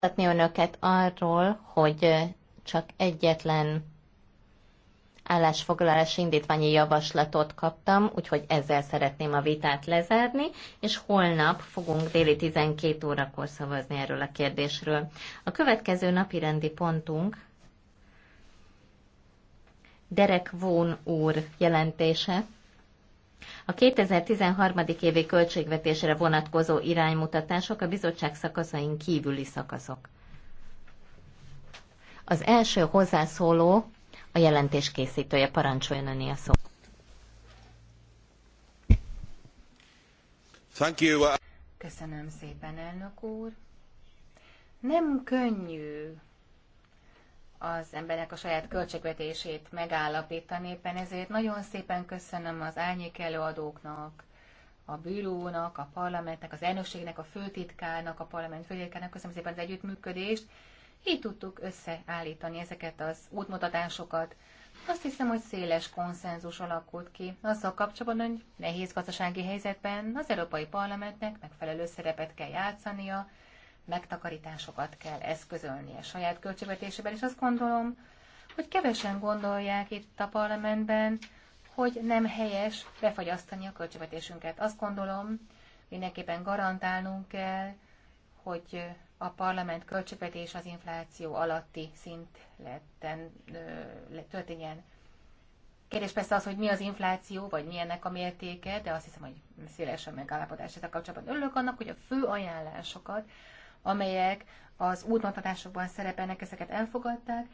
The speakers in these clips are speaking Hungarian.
Tatni önöket arról, hogy csak egyetlen állásfoglalási indítványi javaslatot kaptam, úgyhogy ezzel szeretném a vitát lezárni, és holnap fogunk déli 12 órakor szavazni erről a kérdésről. A következő napi rendi pontunk Derek Vón úr jelentése. A 2013. évi költségvetésre vonatkozó iránymutatások a bizottság szakaszain kívüli szakaszok. Az első hozzászóló a jelentés készítője, parancsoljon öné a szó. Thank you. Köszönöm szépen, elnök úr. Nem könnyű az emberek a saját költségvetését megállapítani. Éppen ezért nagyon szépen köszönöm az árnyék előadóknak, a bírónak, a parlamentnek, az elnökségnek, a főtitkárnak, a parlament főtitkárnak, köszönöm szépen az együttműködést. Így tudtuk összeállítani ezeket az útmutatásokat. Azt hiszem, hogy széles konszenzus alakult ki azzal kapcsolatban, hogy nehéz gazdasági helyzetben az Európai Parlamentnek megfelelő szerepet kell játszania, megtakarításokat kell eszközölni a saját költségvetésében, és azt gondolom, hogy kevesen gondolják itt a parlamentben, hogy nem helyes befagyasztani a költségvetésünket. Azt gondolom, mindenképpen garantálnunk kell, hogy a parlament költségvetés az infláció alatti szint szintleten történjen. Kérdés persze az, hogy mi az infláció, vagy mi ennek a mértéke, de azt hiszem, hogy szélesen megállapodás ezzel kapcsolatban. Örülök annak, hogy a fő ajánlásokat amelyek az útmutatásokban szerepelnek, ezeket elfogadták.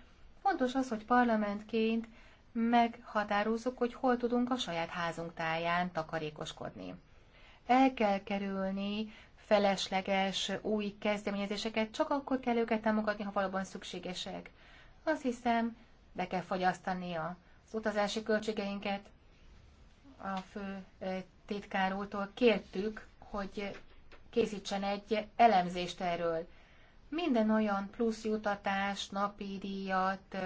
Fontos az, hogy parlamentként meghatározzuk, hogy hol tudunk a saját házunk táján takarékoskodni. El kell kerülni felesleges új kezdeményezéseket, csak akkor kell őket támogatni, ha valóban szükségesek. Azt hiszem, be kell fogyasztani az utazási költségeinket. A fő eh, titkár úrtól kértük, hogy készítsen egy elemzést erről. Minden olyan plusz jutatás, napi díjat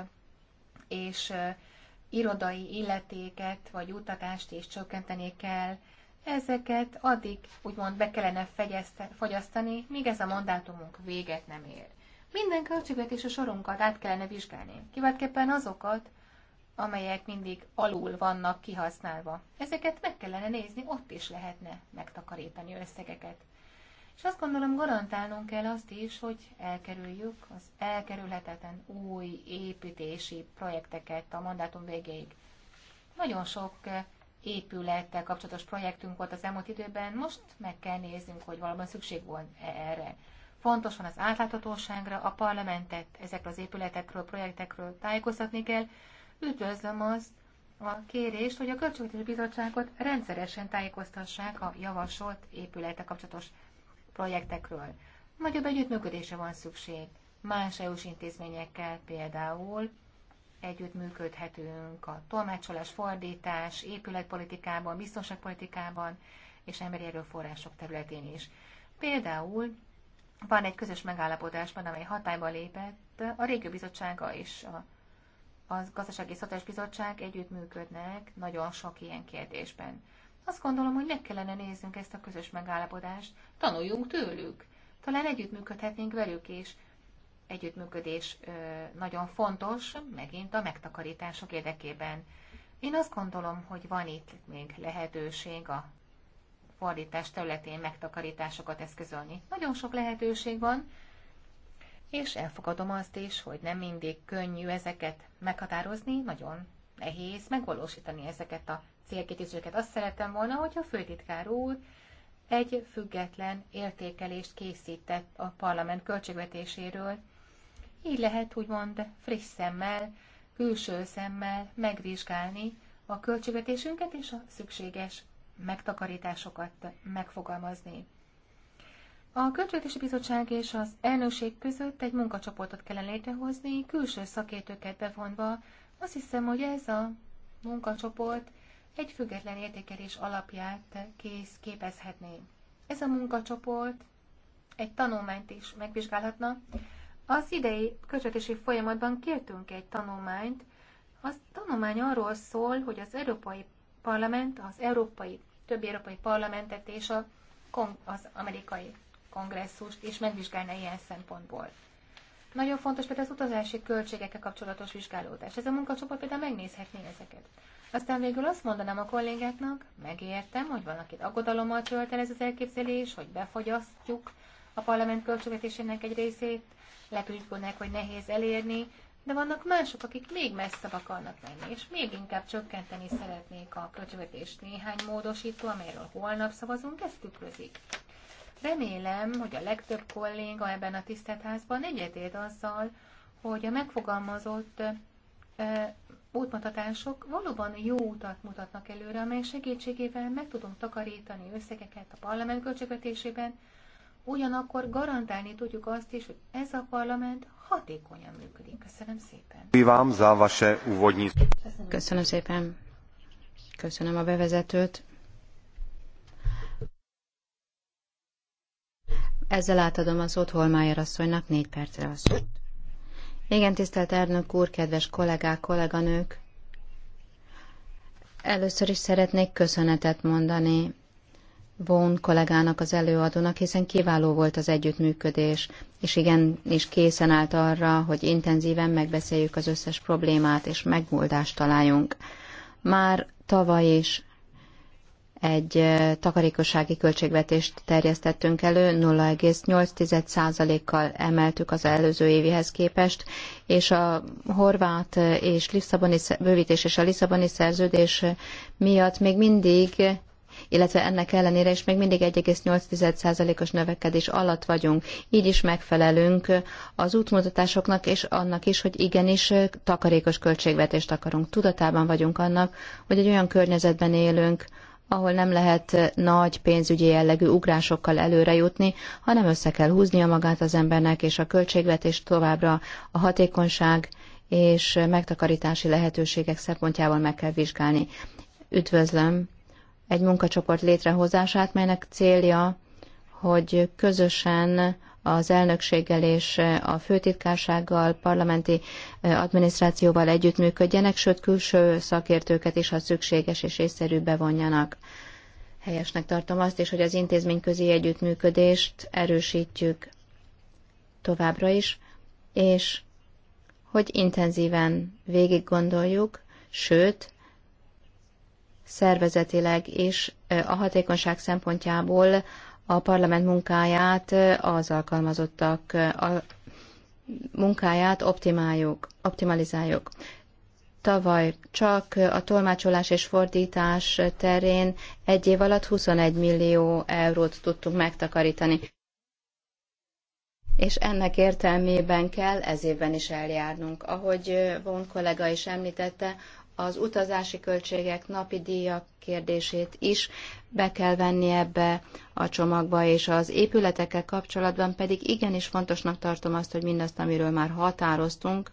és irodai illetéket vagy jutatást is csökkenteni kell, ezeket addig úgymond be kellene fogyasztani, míg ez a mandátumunk véget nem ér. Minden a sorunkat át kellene vizsgálni, kiváltképpen azokat, amelyek mindig alul vannak kihasználva. Ezeket meg kellene nézni, ott is lehetne megtakarítani összegeket. És azt gondolom, garantálnunk kell azt is, hogy elkerüljük az elkerülhetetlen új építési projekteket a mandátum végéig. Nagyon sok eh, épülettel kapcsolatos projektünk volt az elmúlt időben, most meg kell néznünk, hogy valóban szükség van -e erre. Fontos van az átláthatóságra, a parlamentet ezekről az épületekről, projektekről tájékoztatni kell. Üdvözlöm azt a kérést, hogy a Költségvetési Bizottságot rendszeresen tájékoztassák a javasolt épületek kapcsolatos projektekről. Nagyobb együttműködése van szükség más EU-s intézményekkel, például együttműködhetünk a tolmácsolás, fordítás, épületpolitikában, biztonságpolitikában és emberi erőforrások területén is. Például van egy közös megállapodásban, amely hatályba lépett, a Régió Bizottsága és a a Gazdasági Szociális Bizottság együttműködnek nagyon sok ilyen kérdésben. Azt gondolom, hogy meg kellene néznünk ezt a közös megállapodást, tanuljunk tőlük. Talán együttműködhetnénk velük is. Együttműködés nagyon fontos, megint a megtakarítások érdekében. Én azt gondolom, hogy van itt még lehetőség a fordítás területén megtakarításokat eszközölni. Nagyon sok lehetőség van, és elfogadom azt is, hogy nem mindig könnyű ezeket meghatározni, nagyon nehéz megvalósítani ezeket a célkitűzéseket. Azt szerettem volna, hogy a főtitkár úr egy független értékelést készített a parlament költségvetéséről. Így lehet úgymond friss szemmel, külső szemmel megvizsgálni a költségvetésünket és a szükséges megtakarításokat megfogalmazni. A Költségvetési Bizottság és az elnökség között egy munkacsoportot kellene létrehozni, külső szakértőket bevonva. Azt hiszem, hogy ez a munkacsoport egy független értékelés alapját kész képezhetné. Ez a munkacsoport egy tanulmányt is megvizsgálhatna. Az idei közvetési folyamatban kértünk egy tanulmányt. Az tanulmány arról szól, hogy az Európai Parlament, az európai, többi európai parlamentet és a, az amerikai kongresszust is megvizsgálna ilyen szempontból. Nagyon fontos például az utazási költségekkel kapcsolatos vizsgálódás. Ez a munkacsoport például megnézhetné ezeket. Aztán végül azt mondanám a kollégáknak, megértem, hogy van, akit aggodalommal tölt el ez az elképzelés, hogy befagyasztjuk a parlament költségvetésének egy részét, lehet, úgy gondolják, hogy nehéz elérni, de vannak mások, akik még messzebb akarnak menni, és még inkább csökkenteni szeretnék a költségvetést néhány módosító, amelyről holnap szavazunk, ezt tükrözik. Remélem, hogy a legtöbb kolléga ebben a tisztetházban egyetért azzal, hogy a megfogalmazott útmutatások valóban jó utat mutatnak előre, amely segítségével meg tudunk takarítani összegeket a parlament költségvetésében, ugyanakkor garantálni tudjuk azt is, hogy ez a parlament hatékonyan működik. Köszönöm szépen. Köszönöm szépen. Köszönöm a bevezetőt. Ezzel átadom az szót Holmájer asszonynak, négy percre a szót. Igen, tisztelt elnök úr, kedves kollégák, kolléganők! Először is szeretnék köszönetet mondani Vón kollégának, az előadónak, hiszen kiváló volt az együttműködés, és igen, és készen állt arra, hogy intenzíven megbeszéljük az összes problémát, és megoldást találjunk. Már tavaly is egy takarékossági költségvetést terjesztettünk elő, 0,8%-kal emeltük az előző évihez képest, és a horvát és Lisszaboni bővítés és a Lisszaboni szerződés miatt még mindig illetve ennek ellenére is még mindig 1,8%-os növekedés alatt vagyunk. Így is megfelelünk az útmutatásoknak és annak is, hogy igenis takarékos költségvetést akarunk. Tudatában vagyunk annak, hogy egy olyan környezetben élünk, ahol nem lehet nagy pénzügyi jellegű ugrásokkal előrejutni, hanem össze kell húznia magát az embernek, és a költségvetés továbbra a hatékonyság és megtakarítási lehetőségek szempontjából meg kell vizsgálni. Üdvözlöm egy munkacsoport létrehozását, melynek célja, hogy közösen az elnökséggel és a főtitkársággal, parlamenti eh, adminisztrációval együttműködjenek, sőt külső szakértőket is, ha szükséges és észszerű bevonjanak. Helyesnek tartom azt is, hogy az intézményközi együttműködést erősítjük továbbra is, és hogy intenzíven végig gondoljuk, sőt, szervezetileg és eh, a hatékonyság szempontjából a parlament munkáját, az alkalmazottak a munkáját optimáljuk, optimalizáljuk. Tavaly csak a tolmácsolás és fordítás terén egy év alatt 21 millió eurót tudtunk megtakarítani. És ennek értelmében kell ez évben is eljárnunk. Ahogy von kollega is említette, az utazási költségek, napi díjak kérdését is be kell venni ebbe a csomagba, és az épületekkel kapcsolatban pedig igenis fontosnak tartom azt, hogy mindazt, amiről már határoztunk,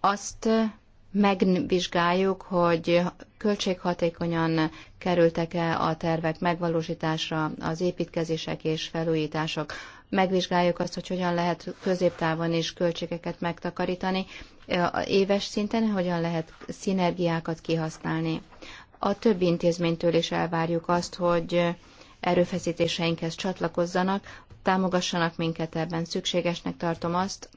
azt megvizsgáljuk, hogy költséghatékonyan kerültek-e a tervek megvalósításra, az építkezések és felújítások. Megvizsgáljuk azt, hogy hogyan lehet középtávon is költségeket megtakarítani, éves szinten hogyan lehet szinergiákat kihasználni a többi intézménytől is elvárjuk azt, hogy erőfeszítéseinkhez csatlakozzanak, támogassanak minket ebben. Szükségesnek tartom azt,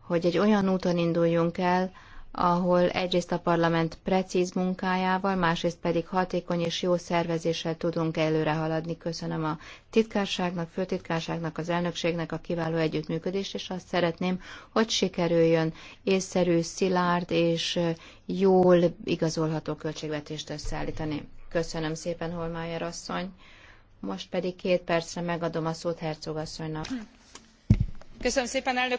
hogy egy olyan úton induljunk el, ahol egyrészt a parlament precíz munkájával, másrészt pedig hatékony és jó szervezéssel tudunk előre haladni. Köszönöm a titkárságnak, főtitkárságnak, az elnökségnek a kiváló együttműködést, és azt szeretném, hogy sikerüljön észszerű, szilárd és jól igazolható költségvetést összeállítani. Köszönöm szépen, Holmájer asszony. Most pedig két percre megadom a szót Hercog asszonynak. Köszönöm szépen, elnök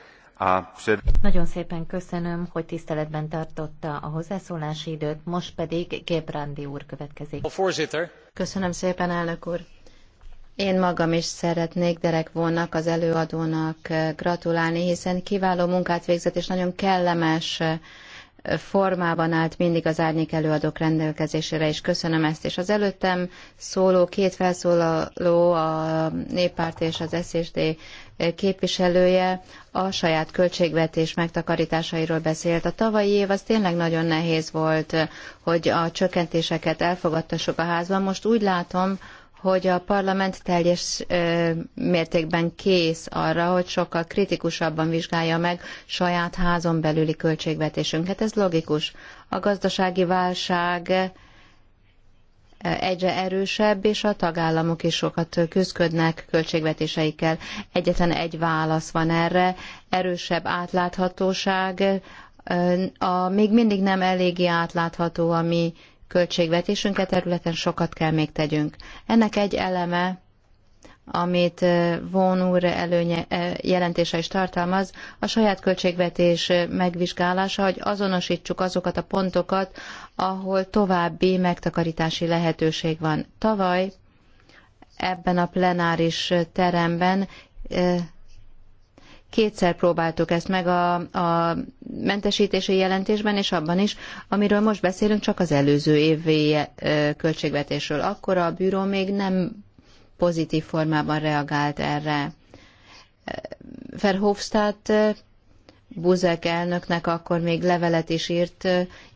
Nagyon szépen köszönöm, hogy tiszteletben tartotta a hozzászólási időt, most pedig Gebrandi úr következik. Köszönöm szépen, elnök úr. Én magam is szeretnék Derek vonnak az előadónak eh, gratulálni, hiszen kiváló munkát végzett, és nagyon kellemes eh, formában állt mindig az árnyék előadók rendelkezésére, és köszönöm ezt. És az előttem szóló két felszólaló, a Néppárt és az SZSD képviselője a saját költségvetés megtakarításairól beszélt. A tavalyi év az tényleg nagyon nehéz volt, hogy a csökkentéseket elfogadtassuk a házban. Most úgy látom, hogy a parlament teljes mértékben kész arra, hogy sokkal kritikusabban vizsgálja meg saját házon belüli költségvetésünket. Ez logikus. A gazdasági válság egyre erősebb, és a tagállamok is sokat küzdködnek költségvetéseikkel. Egyetlen egy válasz van erre, erősebb átláthatóság, a még mindig nem eléggé átlátható a mi költségvetésünk, e területen sokat kell még tegyünk. Ennek egy eleme amit Von úr előnye, jelentése is tartalmaz, a saját költségvetés megvizsgálása, hogy azonosítsuk azokat a pontokat, ahol további megtakarítási lehetőség van. Tavaly ebben a plenáris teremben kétszer próbáltuk ezt meg a, a mentesítési jelentésben, és abban is, amiről most beszélünk, csak az előző évi költségvetésről. Akkor a bűró még nem pozitív formában reagált erre. Verhofstadt Buzek elnöknek akkor még levelet is írt,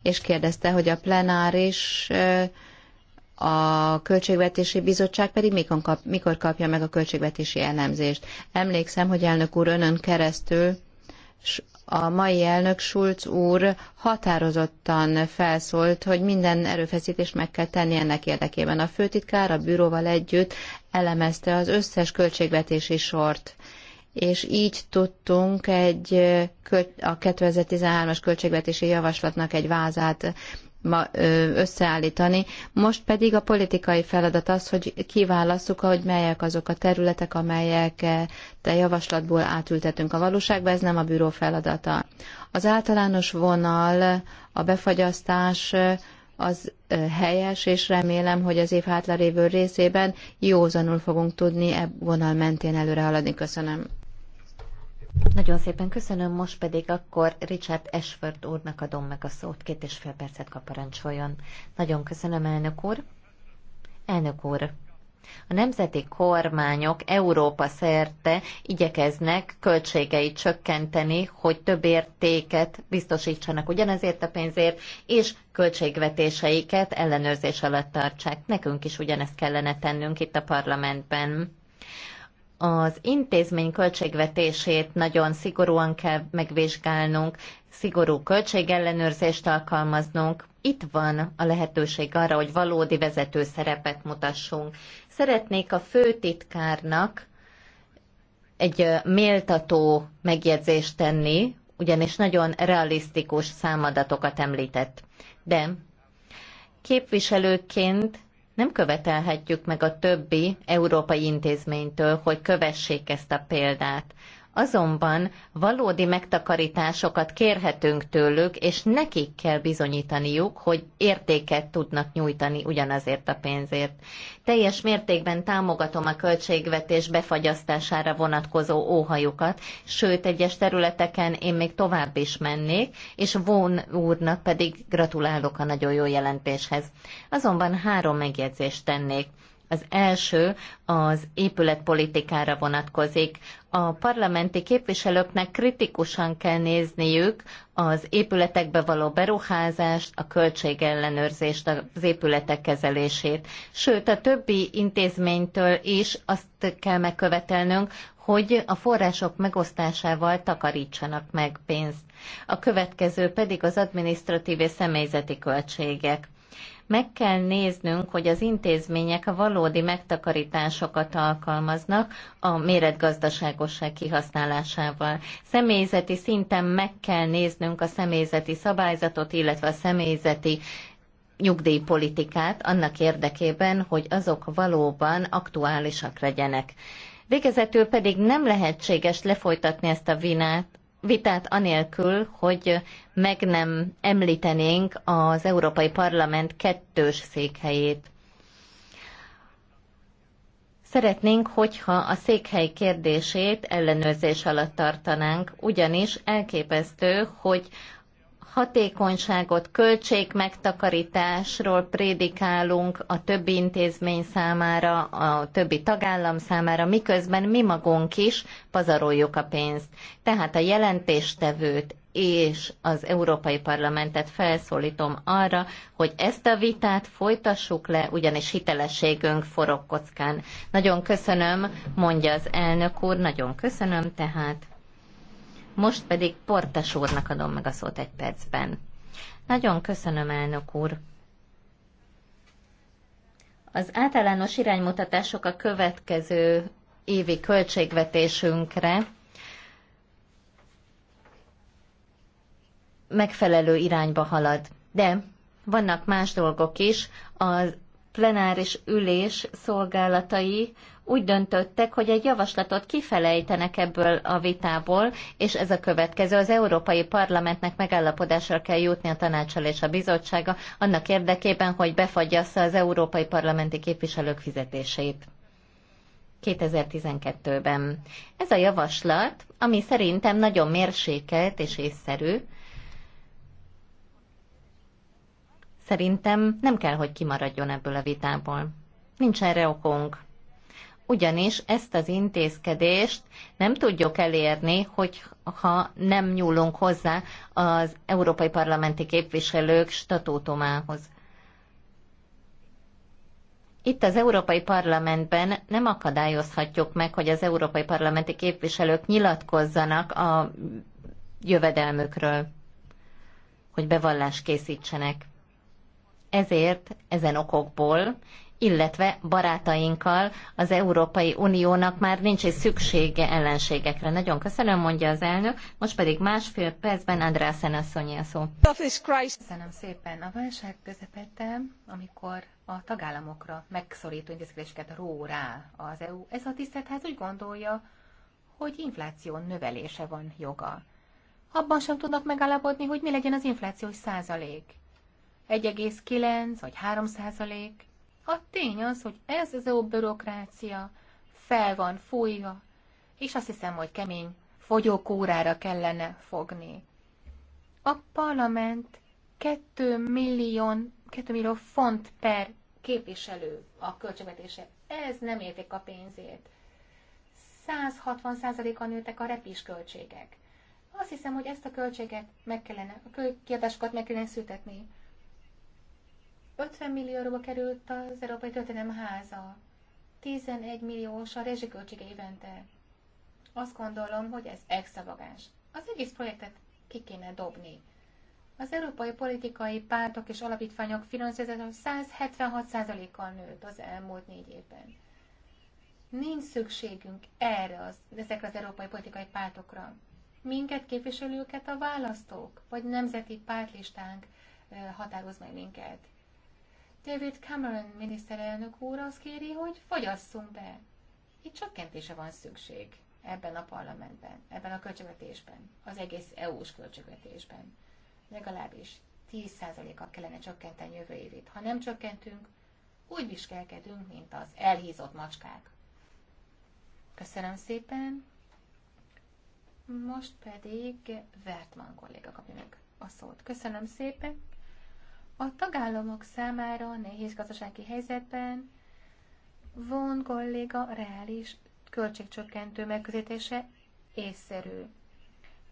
és kérdezte, hogy a plenáris a Költségvetési Bizottság pedig mikor, kap, mikor kapja meg a költségvetési elemzést. Emlékszem, hogy elnök úr önön keresztül a mai elnök Schulz úr határozottan felszólt, hogy minden erőfeszítést meg kell tenni ennek érdekében. A főtitkár a bűróval együtt elemezte az összes költségvetési sort és így tudtunk egy a 2013-as költségvetési javaslatnak egy vázát ma összeállítani. Most pedig a politikai feladat az, hogy kiválasszuk, hogy melyek azok a területek, amelyek te javaslatból átültetünk a valóságba, ez nem a bűró feladata. Az általános vonal, a befagyasztás az helyes, és remélem, hogy az év hátlalévő részében józanul fogunk tudni e vonal mentén előre haladni. Köszönöm. Nagyon szépen köszönöm, most pedig akkor Richard Ashford úrnak adom meg a szót, két és fél percet kaparancsoljon. Nagyon köszönöm, elnök úr. Elnök úr, a nemzeti kormányok Európa szerte igyekeznek költségeit csökkenteni, hogy több értéket biztosítsanak ugyanezért a pénzért, és költségvetéseiket ellenőrzés alatt tartsák. Nekünk is ugyanezt kellene tennünk itt a parlamentben az intézmény költségvetését nagyon szigorúan kell megvizsgálnunk, szigorú költségellenőrzést alkalmaznunk. Itt van a lehetőség arra, hogy valódi vezető szerepet mutassunk. Szeretnék a főtitkárnak egy méltató megjegyzést tenni, ugyanis nagyon realisztikus számadatokat említett. De képviselőként nem követelhetjük meg a többi európai intézménytől, hogy kövessék ezt a példát. Azonban valódi megtakarításokat kérhetünk tőlük, és nekik kell bizonyítaniuk, hogy értéket tudnak nyújtani ugyanazért a pénzért. Teljes mértékben támogatom a költségvetés befagyasztására vonatkozó óhajukat, sőt egyes területeken én még tovább is mennék, és Von úrnak pedig gratulálok a nagyon jó jelentéshez. Azonban három megjegyzést tennék. Az első az épületpolitikára vonatkozik a parlamenti képviselőknek kritikusan kell nézniük az épületekbe való beruházást, a költségellenőrzést, az épületek kezelését. Sőt, a többi intézménytől is azt kell megkövetelnünk, hogy a források megosztásával takarítsanak meg pénzt. A következő pedig az adminisztratív és személyzeti költségek. Meg kell néznünk, hogy az intézmények a valódi megtakarításokat alkalmaznak a méretgazdaságosság kihasználásával. Személyzeti szinten meg kell néznünk a személyzeti szabályzatot, illetve a személyzeti nyugdíjpolitikát annak érdekében, hogy azok valóban aktuálisak legyenek. Végezetül pedig nem lehetséges lefolytatni ezt a vinát, vitát anélkül, hogy meg nem említenénk az Európai Parlament kettős székhelyét. Szeretnénk, hogyha a székhely kérdését ellenőrzés alatt tartanánk, ugyanis elképesztő, hogy hatékonyságot, költségmegtakarításról prédikálunk a többi intézmény számára, a többi tagállam számára, miközben mi magunk is pazaroljuk a pénzt. Tehát a jelentéstevőt és az Európai Parlamentet felszólítom arra, hogy ezt a vitát folytassuk le, ugyanis hitelességünk forog kockán. Nagyon köszönöm, mondja az elnök úr, nagyon köszönöm tehát. Most pedig Portes úrnak adom meg a szót egy percben. Nagyon köszönöm, elnök úr. Az általános iránymutatások a következő évi költségvetésünkre megfelelő irányba halad. De vannak más dolgok is. A plenáris ülés szolgálatai úgy döntöttek, hogy egy javaslatot kifelejtenek ebből a vitából, és ez a következő. Az Európai Parlamentnek megállapodásra kell jutni a tanácsal és a bizottsága annak érdekében, hogy befagyassa az európai parlamenti képviselők fizetését. 2012-ben. Ez a javaslat, ami szerintem nagyon mérsékelt és észszerű, szerintem nem kell, hogy kimaradjon ebből a vitából. Nincs erre okunk ugyanis ezt az intézkedést nem tudjuk elérni, hogy ha nem nyúlunk hozzá az európai parlamenti képviselők statútumához. Itt az Európai Parlamentben nem akadályozhatjuk meg, hogy az európai parlamenti képviselők nyilatkozzanak a jövedelmükről, hogy bevallást készítsenek. Ezért ezen okokból illetve barátainkkal az Európai Uniónak már nincs egy szüksége ellenségekre. Nagyon köszönöm, mondja az elnök. Most pedig másfél percben Andrászen asszony a szó. Köszönöm szépen. A válság közepette, amikor a tagállamokra megszorító intézkedéseket ró rá az EU, ez a tiszteltház úgy gondolja, hogy infláció növelése van joga. Abban sem tudnak megállapodni, hogy mi legyen az inflációs százalék. 1,9 vagy 3 százalék. A tény az, hogy ez az EU bürokrácia fel van fújva, és azt hiszem, hogy kemény fogyókórára kellene fogni. A parlament 2 millió, 2 millió font per képviselő a költségvetése. Ez nem érték a pénzét. 160%-a nőttek a repis költségek. Azt hiszem, hogy ezt a költséget meg kellene, a kiadásokat meg kellene szüntetni. 50 millióba került az Európai Történelem Háza, 11 milliós a rezsiköltsége évente. Azt gondolom, hogy ez extravagáns. Az egész projektet ki kéne dobni. Az európai politikai pártok és alapítványok finanszírozása 176%-kal nőtt az elmúlt négy évben. Nincs szükségünk erre, az, ezekre az európai politikai pártokra. Minket képviselőket a választók, vagy nemzeti pártlistánk határoz meg minket. David Cameron miniszterelnök úr azt kéri, hogy fogyasszunk be. Itt csökkentése van szükség ebben a parlamentben, ebben a költségvetésben, az egész EU-s költségvetésben. Legalábbis 10 a kellene csökkenteni jövő évét. Ha nem csökkentünk, úgy viselkedünk, mint az elhízott macskák. Köszönöm szépen. Most pedig Vertman kolléga kapja meg a szót. Köszönöm szépen. A tagállamok számára nehéz gazdasági helyzetben von kolléga reális költségcsökkentő megközelítése észszerű.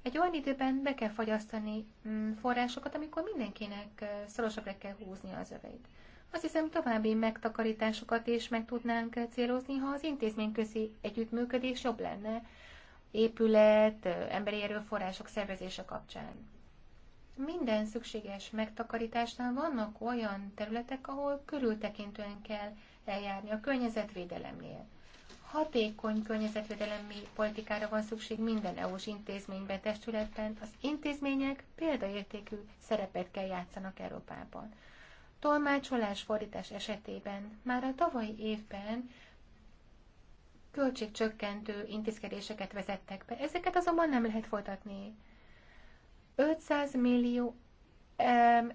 Egy olyan időben be kell fagyasztani mm, forrásokat, amikor mindenkinek szorosabbra kell húzni az öveit. Azt hiszem további megtakarításokat is meg tudnánk célozni, ha az intézményközi együttműködés jobb lenne épület, emberi erőforrások szervezése kapcsán minden szükséges megtakarításnál vannak olyan területek, ahol körültekintően kell eljárni a környezetvédelemnél. Hatékony környezetvédelemi politikára van szükség minden EU-s intézményben, testületben. Az intézmények példaértékű szerepet kell játszanak Európában. Tolmácsolás fordítás esetében már a tavalyi évben költségcsökkentő intézkedéseket vezettek be. Ezeket azonban nem lehet folytatni 500 millió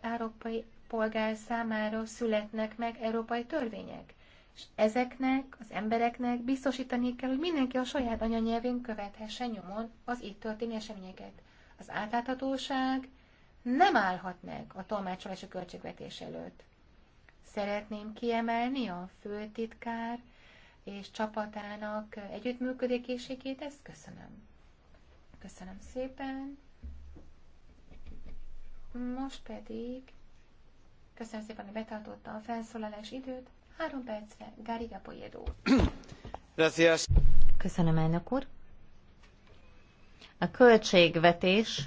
európai polgár számára születnek meg európai törvények. És ezeknek, az embereknek biztosítani kell, hogy mindenki a saját anyanyelvén követhesse nyomon az itt történő eseményeket. Az átláthatóság nem állhat meg a tolmácsolási költségvetés előtt. Szeretném kiemelni a főtitkár és csapatának együttműködésségét, ezt köszönöm. Köszönöm szépen. Most pedig, köszönöm szépen, hogy betartotta a felszólalás időt, három percre, Gariga Poyedo. Köszönöm, elnök úr. A költségvetés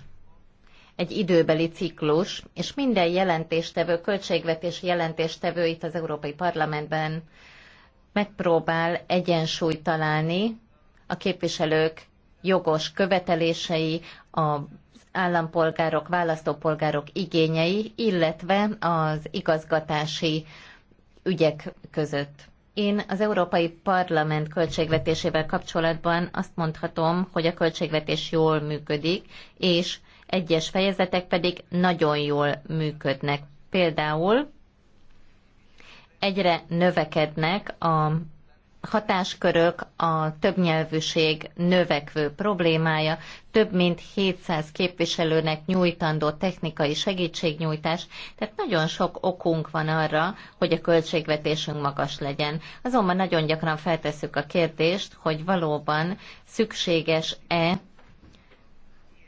egy időbeli ciklus, és minden jelentéstevő, költségvetési jelentéstevő itt az Európai Parlamentben megpróbál egyensúlyt találni a képviselők jogos követelései, a állampolgárok, választópolgárok igényei, illetve az igazgatási ügyek között. Én az Európai Parlament költségvetésével kapcsolatban azt mondhatom, hogy a költségvetés jól működik, és egyes fejezetek pedig nagyon jól működnek. Például egyre növekednek a hatáskörök, a többnyelvűség növekvő problémája, több mint 700 képviselőnek nyújtandó technikai segítségnyújtás, tehát nagyon sok okunk van arra, hogy a költségvetésünk magas legyen. Azonban nagyon gyakran feltesszük a kérdést, hogy valóban szükséges-e,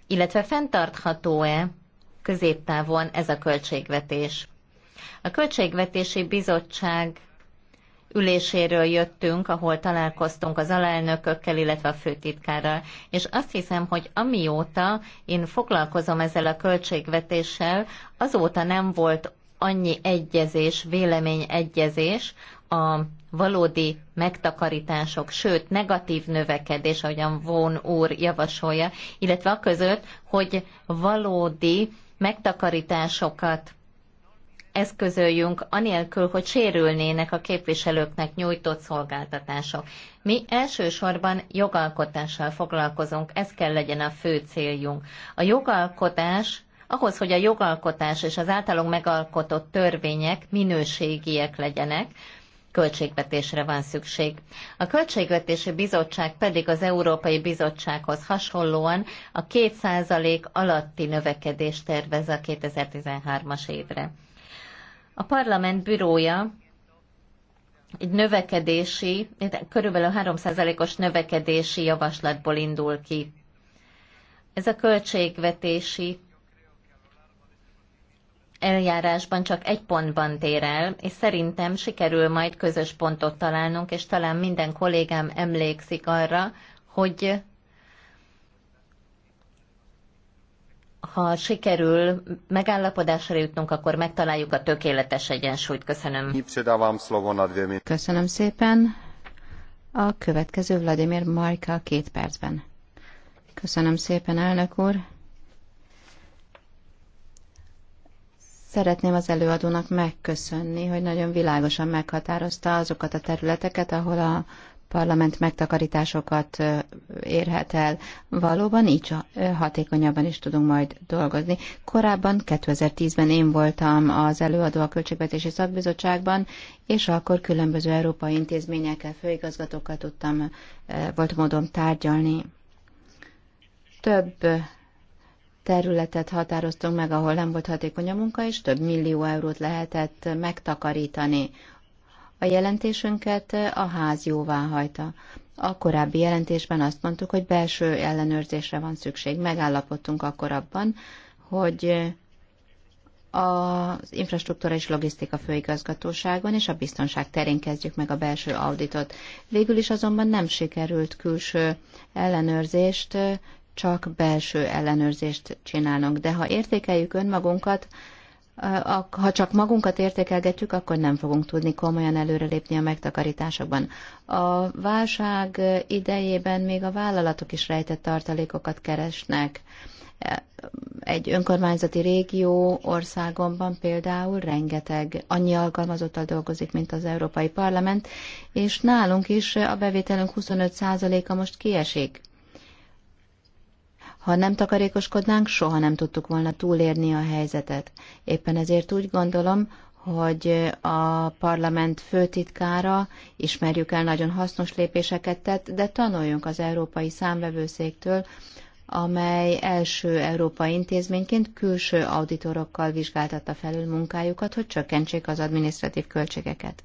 illetve fenntartható-e középtávon ez a költségvetés. A Költségvetési Bizottság üléséről jöttünk, ahol találkoztunk az alelnökökkel, illetve a főtitkárral. És azt hiszem, hogy amióta én foglalkozom ezzel a költségvetéssel, azóta nem volt annyi egyezés, vélemény egyezés a valódi megtakarítások, sőt negatív növekedés, ahogyan Von úr javasolja, illetve a között, hogy valódi megtakarításokat eszközöljünk, anélkül, hogy sérülnének a képviselőknek nyújtott szolgáltatások. Mi elsősorban jogalkotással foglalkozunk, ez kell legyen a fő céljunk. A jogalkotás ahhoz, hogy a jogalkotás és az általunk megalkotott törvények minőségiek legyenek, költségvetésre van szükség. A Költségvetési Bizottság pedig az Európai Bizottsághoz hasonlóan a 2% alatti növekedést tervez a 2013-as évre. A parlament bürója egy növekedési, körülbelül 3%-os növekedési javaslatból indul ki. Ez a költségvetési eljárásban csak egy pontban tér el, és szerintem sikerül majd közös pontot találnunk, és talán minden kollégám emlékszik arra, hogy ha sikerül megállapodásra jutnunk, akkor megtaláljuk a tökéletes egyensúlyt. Köszönöm. Köszönöm szépen. A következő Vladimir Marka két percben. Köszönöm szépen, elnök úr. Szeretném az előadónak megköszönni, hogy nagyon világosan meghatározta azokat a területeket, ahol a parlament megtakarításokat érhet el. Valóban így hatékonyabban is tudunk majd dolgozni. Korábban, 2010-ben én voltam az előadó a Költségvetési Szakbizottságban, és akkor különböző európai intézményekkel, főigazgatókkal tudtam, volt módon tárgyalni. Több területet határoztunk meg, ahol nem volt hatékony a munka, és több millió eurót lehetett megtakarítani a jelentésünket a ház jóvá hajta. A korábbi jelentésben azt mondtuk, hogy belső ellenőrzésre van szükség. Megállapodtunk akkor abban, hogy az infrastruktúra és logisztika főigazgatóságon és a biztonság terén kezdjük meg a belső auditot. Végül is azonban nem sikerült külső ellenőrzést, csak belső ellenőrzést csinálunk. De ha értékeljük önmagunkat, ha csak magunkat értékelgetjük, akkor nem fogunk tudni komolyan előrelépni a megtakarításokban. A válság idejében még a vállalatok is rejtett tartalékokat keresnek. Egy önkormányzati régió országomban például rengeteg annyi alkalmazottal dolgozik, mint az Európai Parlament, és nálunk is a bevételünk 25%-a most kiesik ha nem takarékoskodnánk, soha nem tudtuk volna túlérni a helyzetet. Éppen ezért úgy gondolom, hogy a parlament főtitkára, ismerjük el, nagyon hasznos lépéseket tett, de tanuljunk az Európai Számvevőszéktől, amely első európai intézményként külső auditorokkal vizsgáltatta felül munkájukat, hogy csökkentsék az adminisztratív költségeket.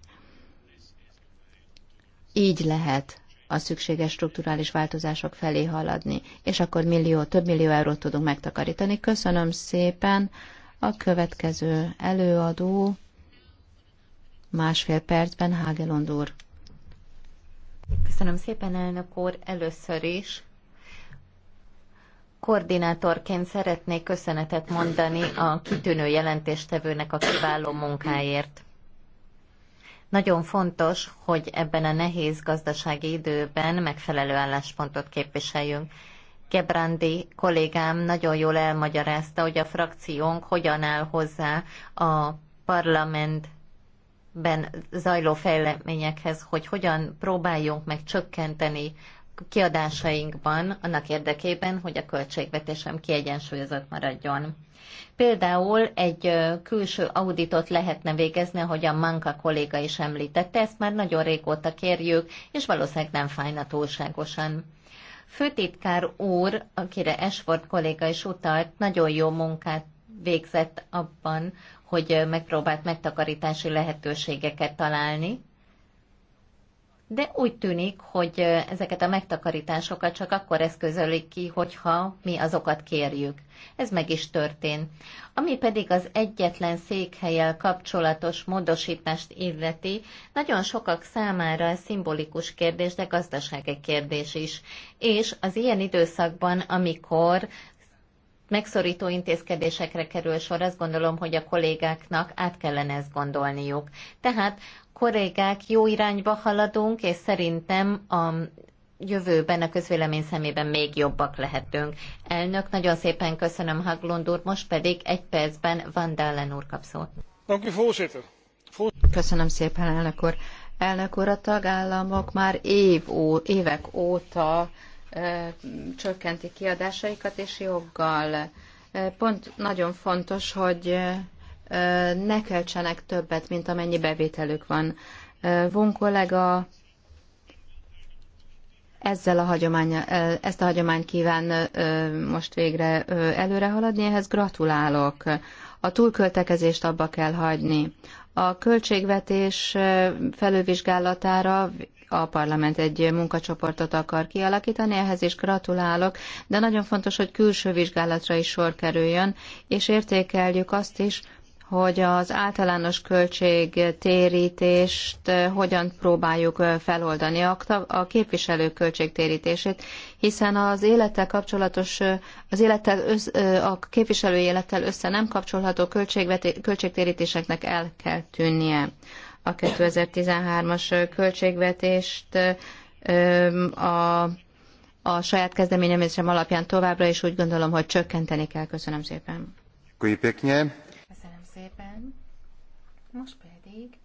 Így lehet a szükséges strukturális változások felé haladni, és akkor millió, több millió eurót tudunk megtakarítani. Köszönöm szépen a következő előadó másfél percben Hágelond úr. Köszönöm szépen, elnök úr, először is koordinátorként szeretnék köszönetet mondani a kitűnő jelentéstevőnek a kiváló munkáért. Nagyon fontos, hogy ebben a nehéz gazdasági időben megfelelő álláspontot képviseljünk. Gebrandi kollégám nagyon jól elmagyarázta, hogy a frakciónk hogyan áll hozzá a parlamentben zajló fejleményekhez, hogy hogyan próbáljunk meg csökkenteni kiadásainkban annak érdekében, hogy a költségvetésem kiegyensúlyozott maradjon. Például egy külső auditot lehetne végezni, ahogy a Manka kolléga is említette, ezt már nagyon régóta kérjük, és valószínűleg nem fájna túlságosan. Főtitkár úr, akire Esford kolléga is utalt, nagyon jó munkát végzett abban, hogy megpróbált megtakarítási lehetőségeket találni, de úgy tűnik, hogy ezeket a megtakarításokat csak akkor eszközölik ki, hogyha mi azokat kérjük. Ez meg is történt. Ami pedig az egyetlen székhelyel kapcsolatos módosítást illeti, nagyon sokak számára szimbolikus kérdés, de gazdasági kérdés is. És az ilyen időszakban, amikor megszorító intézkedésekre kerül sor, azt gondolom, hogy a kollégáknak át kellene ezt gondolniuk. Tehát kollégák, jó irányba haladunk, és szerintem a jövőben a közvélemény szemében még jobbak lehetünk. Elnök, nagyon szépen köszönöm Haglund úr, most pedig egy percben Van Dallen úr kap szót. Köszönöm szépen, elnök úr. Elnök úr, a tagállamok már év ó, évek óta ö, csökkenti kiadásaikat, és joggal. Pont nagyon fontos, hogy ne költsenek többet, mint amennyi bevételük van. Von kollega ezzel a hagyomány, ezt a hagyományt kíván most végre előre haladni, ehhez gratulálok. A túlköltekezést abba kell hagyni. A költségvetés felővizsgálatára a parlament egy munkacsoportot akar kialakítani, ehhez is gratulálok, de nagyon fontos, hogy külső vizsgálatra is sor kerüljön, és értékeljük azt is, hogy az általános költségtérítést eh, hogyan próbáljuk eh, feloldani a képviselő költségtérítését, hiszen az élettel kapcsolatos, eh, az élettel össz, a képviselő élettel össze nem kapcsolható költségtérítéseknek el kell tűnnie. A 2013-as költségvetést a, a saját kezdeményezésem alapján továbbra is úgy gondolom, hogy csökkenteni kell. Köszönöm szépen. Köszönöm szépen. Most pedig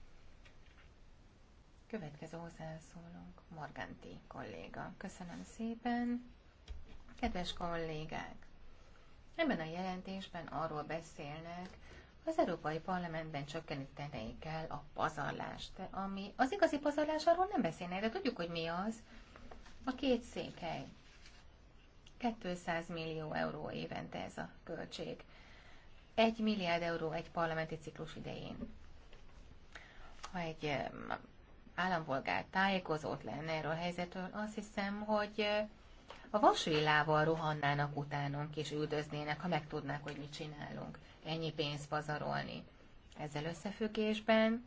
következő hozzászólunk, Morganti kolléga. Köszönöm szépen. Kedves kollégák! Ebben a jelentésben arról beszélnek, az Európai Parlamentben csökkenteni kell a pazarlást, ami az igazi pazarlás arról nem beszélnek, de tudjuk, hogy mi az. A két székely. 200 millió euró évente ez a költség. 1 milliárd euró egy parlamenti ciklus idején. Ha egy állampolgár tájékozott lenne erről a helyzetről, azt hiszem, hogy a vasvillával rohannának utánunk és üldöznének, ha megtudnák, hogy mit csinálunk. Ennyi pénzt pazarolni. Ezzel összefüggésben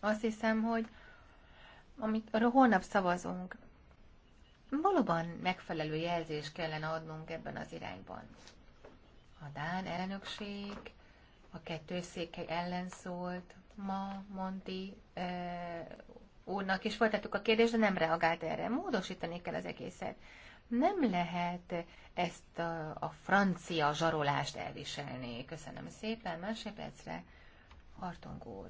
azt hiszem, hogy amit arra holnap szavazunk, valóban megfelelő jelzést kellene adnunk ebben az irányban a Dán elnökség, a kettős székely ellen szólt, ma Monti e, úrnak is folytattuk a kérdést, de nem reagált erre. Módosítani kell az egészet. Nem lehet ezt a, a francia zsarolást elviselni. Köszönöm szépen. Másodpercre Hartong úr.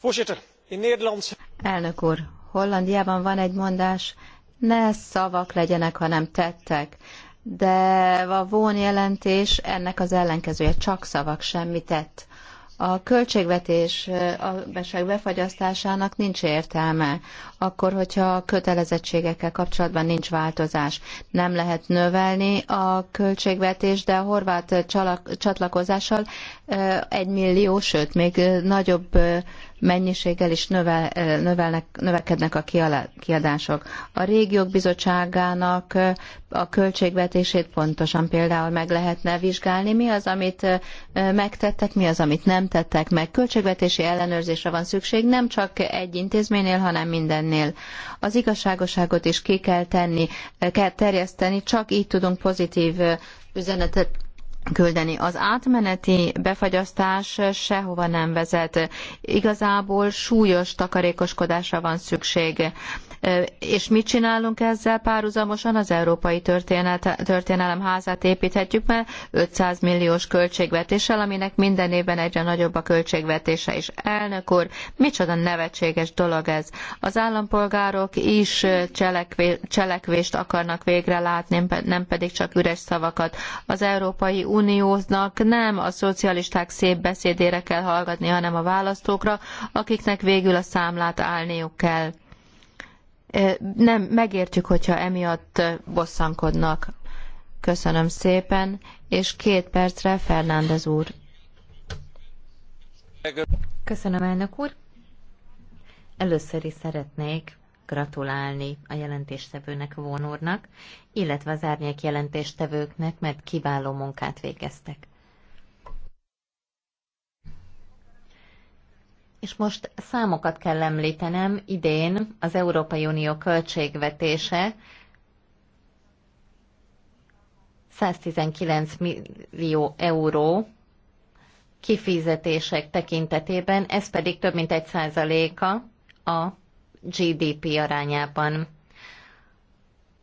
Voorzitter, in Nederland... Elnök úr, Hollandiában van egy mondás, ne szavak legyenek, hanem tettek de a VON jelentés ennek az ellenkezője, csak szavak semmi tett. A költségvetés a beság befagyasztásának nincs értelme, akkor, hogyha a kötelezettségekkel kapcsolatban nincs változás. Nem lehet növelni a költségvetést, de a horvát csalak, csatlakozással egy millió, sőt, még nagyobb mennyiséggel is növel, növelnek, növekednek a kiadások. A régiók bizottságának a költségvetését pontosan például meg lehetne vizsgálni, mi az, amit megtettek, mi az, amit nem tettek meg. Költségvetési ellenőrzésre van szükség, nem csak egy intézménynél, hanem mindennél. Az igazságoságot is ki kell tenni, kell terjeszteni, csak így tudunk pozitív üzenetet küldeni. Az átmeneti befagyasztás sehova nem vezet. Igazából súlyos takarékoskodásra van szükség. És mit csinálunk ezzel párhuzamosan? Az Európai Történelem házát építhetjük, mert 500 milliós költségvetéssel, aminek minden évben egyre nagyobb a költségvetése is. Elnök úr, micsoda nevetséges dolog ez. Az állampolgárok is cselekvé, cselekvést akarnak végre látni, nem pedig csak üres szavakat. Az Európai Uniónak nem a szocialisták szép beszédére kell hallgatni, hanem a választókra, akiknek végül a számlát állniuk kell nem megértjük, hogyha emiatt bosszankodnak. Köszönöm szépen, és két percre Fernández úr. Köszönöm, elnök úr. Először is szeretnék gratulálni a jelentéstevőnek, vonornak, úrnak, illetve az árnyék jelentéstevőknek, mert kiváló munkát végeztek. És most számokat kell említenem. Idén az Európai Unió költségvetése 119 millió euró kifizetések tekintetében, ez pedig több mint egy százaléka a GDP arányában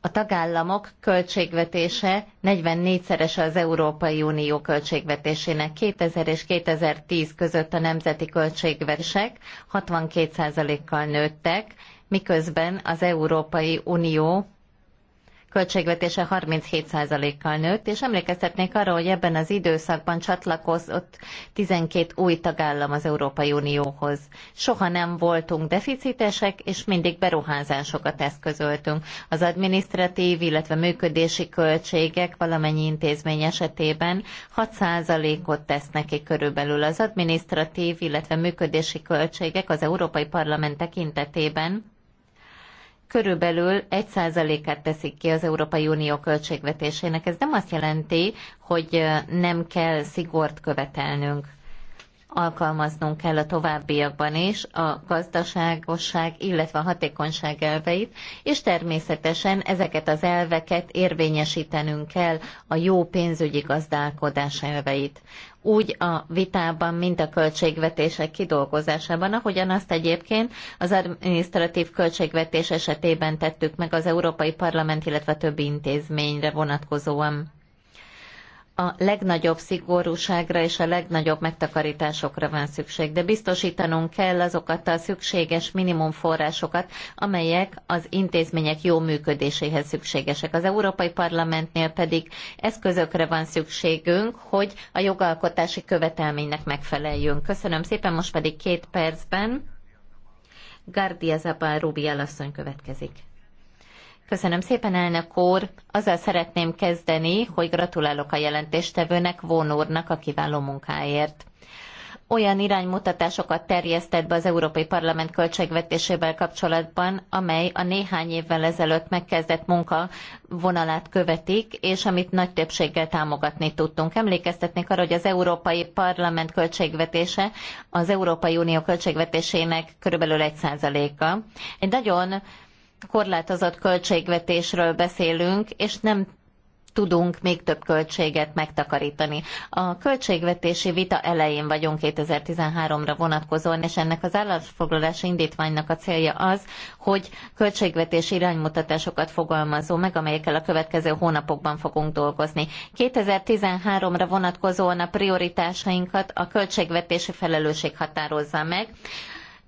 a tagállamok költségvetése 44-szerese az Európai Unió költségvetésének. 2000 és 2010 között a nemzeti költségvetések 62%-kal nőttek, miközben az Európai Unió költségvetése 37%-kal nőtt, és emlékeztetnék arra, hogy ebben az időszakban csatlakozott 12 új tagállam az Európai Unióhoz. Soha nem voltunk deficitesek, és mindig beruházásokat eszközöltünk. Az administratív, illetve működési költségek valamennyi intézmény esetében 6%-ot tesznek neki körülbelül. Az administratív, illetve működési költségek az Európai Parlament tekintetében körülbelül 1%-át teszik ki az Európai Unió költségvetésének. Ez nem azt jelenti, hogy nem kell szigort követelnünk. Alkalmaznunk kell a továbbiakban is a gazdaságosság, illetve a hatékonyság elveit, és természetesen ezeket az elveket érvényesítenünk kell a jó pénzügyi gazdálkodás elveit úgy a vitában, mint a költségvetések kidolgozásában, ahogyan azt egyébként az administratív költségvetés esetében tettük meg az Európai Parlament, illetve többi intézményre vonatkozóan a legnagyobb szigorúságra és a legnagyobb megtakarításokra van szükség, de biztosítanunk kell azokat a szükséges minimum forrásokat, amelyek az intézmények jó működéséhez szükségesek. Az Európai Parlamentnél pedig eszközökre van szükségünk, hogy a jogalkotási követelménynek megfeleljünk. Köszönöm szépen, most pedig két percben Gardia Zabal Rubial asszony következik. Köszönöm szépen, elnök úr. Azzal szeretném kezdeni, hogy gratulálok a jelentéstevőnek, Von úrnak a kiváló munkáért olyan iránymutatásokat terjesztett be az Európai Parlament költségvetésével kapcsolatban, amely a néhány évvel ezelőtt megkezdett munka vonalát követik, és amit nagy többséggel támogatni tudtunk. Emlékeztetnék arra, hogy az Európai Parlament költségvetése az Európai Unió költségvetésének körülbelül 1%-a. Egy nagyon korlátozott költségvetésről beszélünk, és nem tudunk még több költséget megtakarítani. A költségvetési vita elején vagyunk 2013-ra vonatkozóan, és ennek az állásfoglalási indítványnak a célja az, hogy költségvetési iránymutatásokat fogalmazó meg, amelyekkel a következő hónapokban fogunk dolgozni. 2013-ra vonatkozóan a prioritásainkat a költségvetési felelősség határozza meg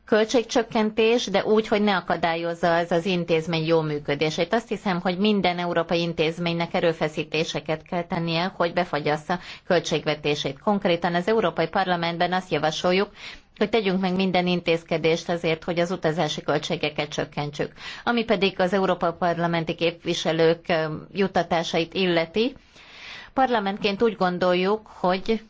költségcsökkentés, de úgy, hogy ne akadályozza az az intézmény jó működését. Azt hiszem, hogy minden európai intézménynek erőfeszítéseket kell tennie, hogy befagyassza költségvetését. Konkrétan az Európai Parlamentben azt javasoljuk, hogy tegyünk meg minden intézkedést azért, hogy az utazási költségeket csökkentsük. Ami pedig az Európa Parlamenti képviselők juttatásait illeti, parlamentként úgy gondoljuk, hogy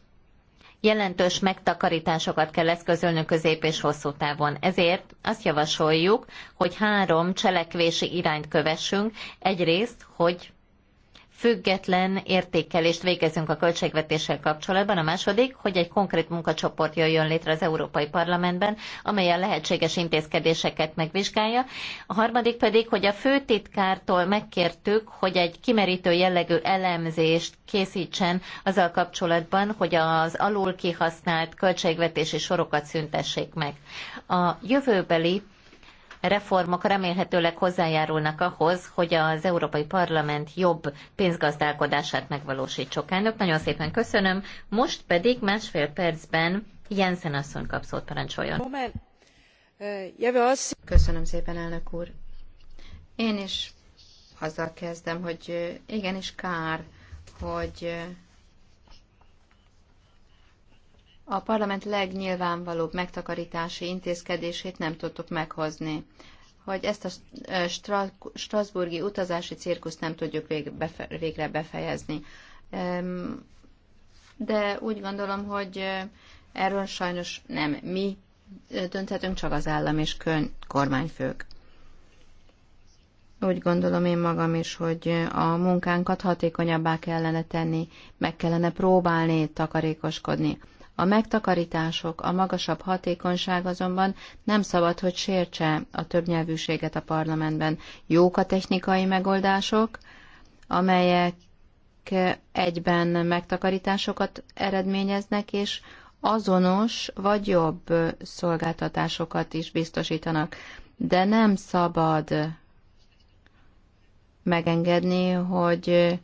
jelentős megtakarításokat kell eszközölni közép és hosszú távon. Ezért azt javasoljuk, hogy három cselekvési irányt kövessünk. Egyrészt, hogy független értékelést végezünk a költségvetéssel kapcsolatban. A második, hogy egy konkrét munkacsoport jöjjön létre az Európai Parlamentben, amely a lehetséges intézkedéseket megvizsgálja. A harmadik pedig, hogy a főtitkártól megkértük, hogy egy kimerítő jellegű elemzést készítsen azzal kapcsolatban, hogy az alul kihasznált költségvetési sorokat szüntessék meg. A jövőbeli reformok remélhetőleg hozzájárulnak ahhoz, hogy az Európai Parlament jobb pénzgazdálkodását megvalósítsuk. Elnök, nagyon szépen köszönöm. Most pedig másfél percben Jensen asszony kap szót, parancsoljon. Köszönöm szépen, elnök úr. Én is azzal kezdem, hogy igenis kár, hogy a parlament legnyilvánvalóbb megtakarítási intézkedését nem tudtuk meghozni, hogy ezt a e, Strasburgi utazási cirkuszt nem tudjuk végre befejezni. De úgy gondolom, hogy e, erről sajnos nem mi e, dönthetünk, csak az állam és kön kormányfők. Úgy gondolom én magam is, hogy a munkánkat hatékonyabbá kellene tenni, meg kellene próbálni takarékoskodni a megtakarítások, a magasabb hatékonyság azonban nem szabad, hogy sértse a többnyelvűséget a parlamentben. Jók a technikai megoldások, amelyek egyben megtakarításokat eredményeznek, és azonos vagy jobb szolgáltatásokat is biztosítanak. De nem szabad megengedni, hogy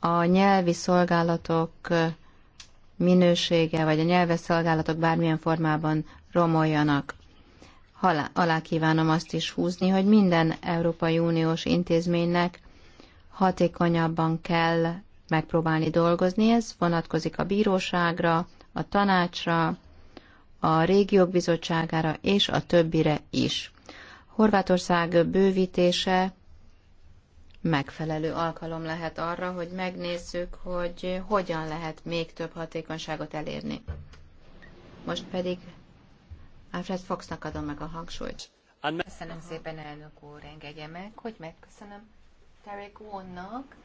a nyelvi szolgálatok minősége vagy a nyelves szolgálatok bármilyen formában romoljanak. Halá, alá kívánom azt is húzni, hogy minden Európai Uniós intézménynek hatékonyabban kell megpróbálni dolgozni. Ez vonatkozik a bíróságra, a tanácsra, a régiók bizottságára és a többire is. Horvátország bővítése megfelelő alkalom lehet arra, hogy megnézzük, hogy hogyan lehet még több hatékonyságot elérni. Most pedig Alfred Foxnak adom meg a hangsúlyt. Köszönöm szépen, elnök úr, engedje meg, hogy megköszönöm Tarek Wonnak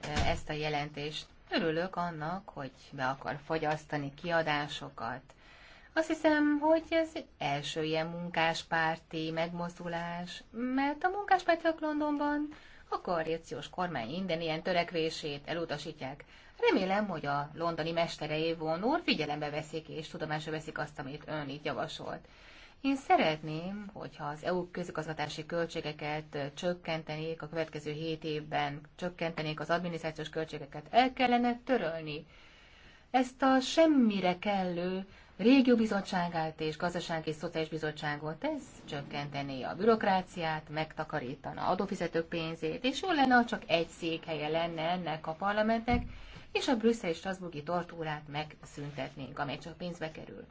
eh, ezt a jelentést. Örülök annak, hogy be akar fogyasztani kiadásokat. Azt hiszem, hogy ez első ilyen munkáspárti megmozdulás, mert a munkáspártiak Londonban a koalíciós kormány minden ilyen törekvését elutasítják. Remélem, hogy a londoni mesterei vonul figyelembe veszik és tudomásra veszik azt, amit ön itt javasolt. Én szeretném, hogyha az EU közigazgatási költségeket csökkentenék, a következő 7 évben csökkentenék az adminisztrációs költségeket, el kellene törölni ezt a semmire kellő régió bizottságát és gazdasági és szociális bizottságot. Ez csökkentené a bürokráciát, megtakarítana adófizetők pénzét, és jó lenne, ha csak egy székhelye lenne ennek a parlamentnek, és a brüsszeli és strasburgi tortúrát megszüntetnénk, amely csak pénzbe kerül.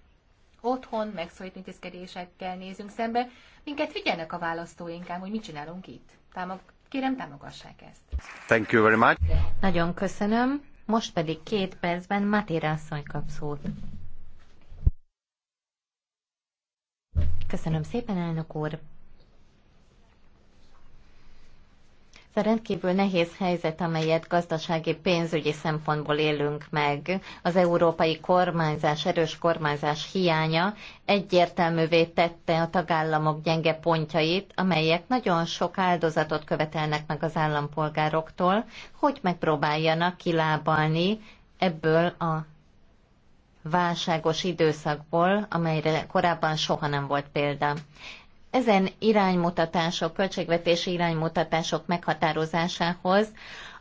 Otthon megszólít intézkedésekkel nézünk szembe, minket figyelnek a választóink ám, hogy mit csinálunk itt. Támog, kérem, támogassák ezt. Thank you very much. Nagyon köszönöm. Most pedig két percben Matéra asszony kap szót. Köszönöm szépen, elnök úr. Ez a rendkívül nehéz helyzet, amelyet gazdasági pénzügyi szempontból élünk meg, az európai kormányzás, erős kormányzás hiánya egyértelművé tette a tagállamok gyenge pontjait, amelyek nagyon sok áldozatot követelnek meg az állampolgároktól, hogy megpróbáljanak kilábalni ebből a válságos időszakból, amelyre korábban soha nem volt példa. Ezen iránymutatások, költségvetési iránymutatások meghatározásához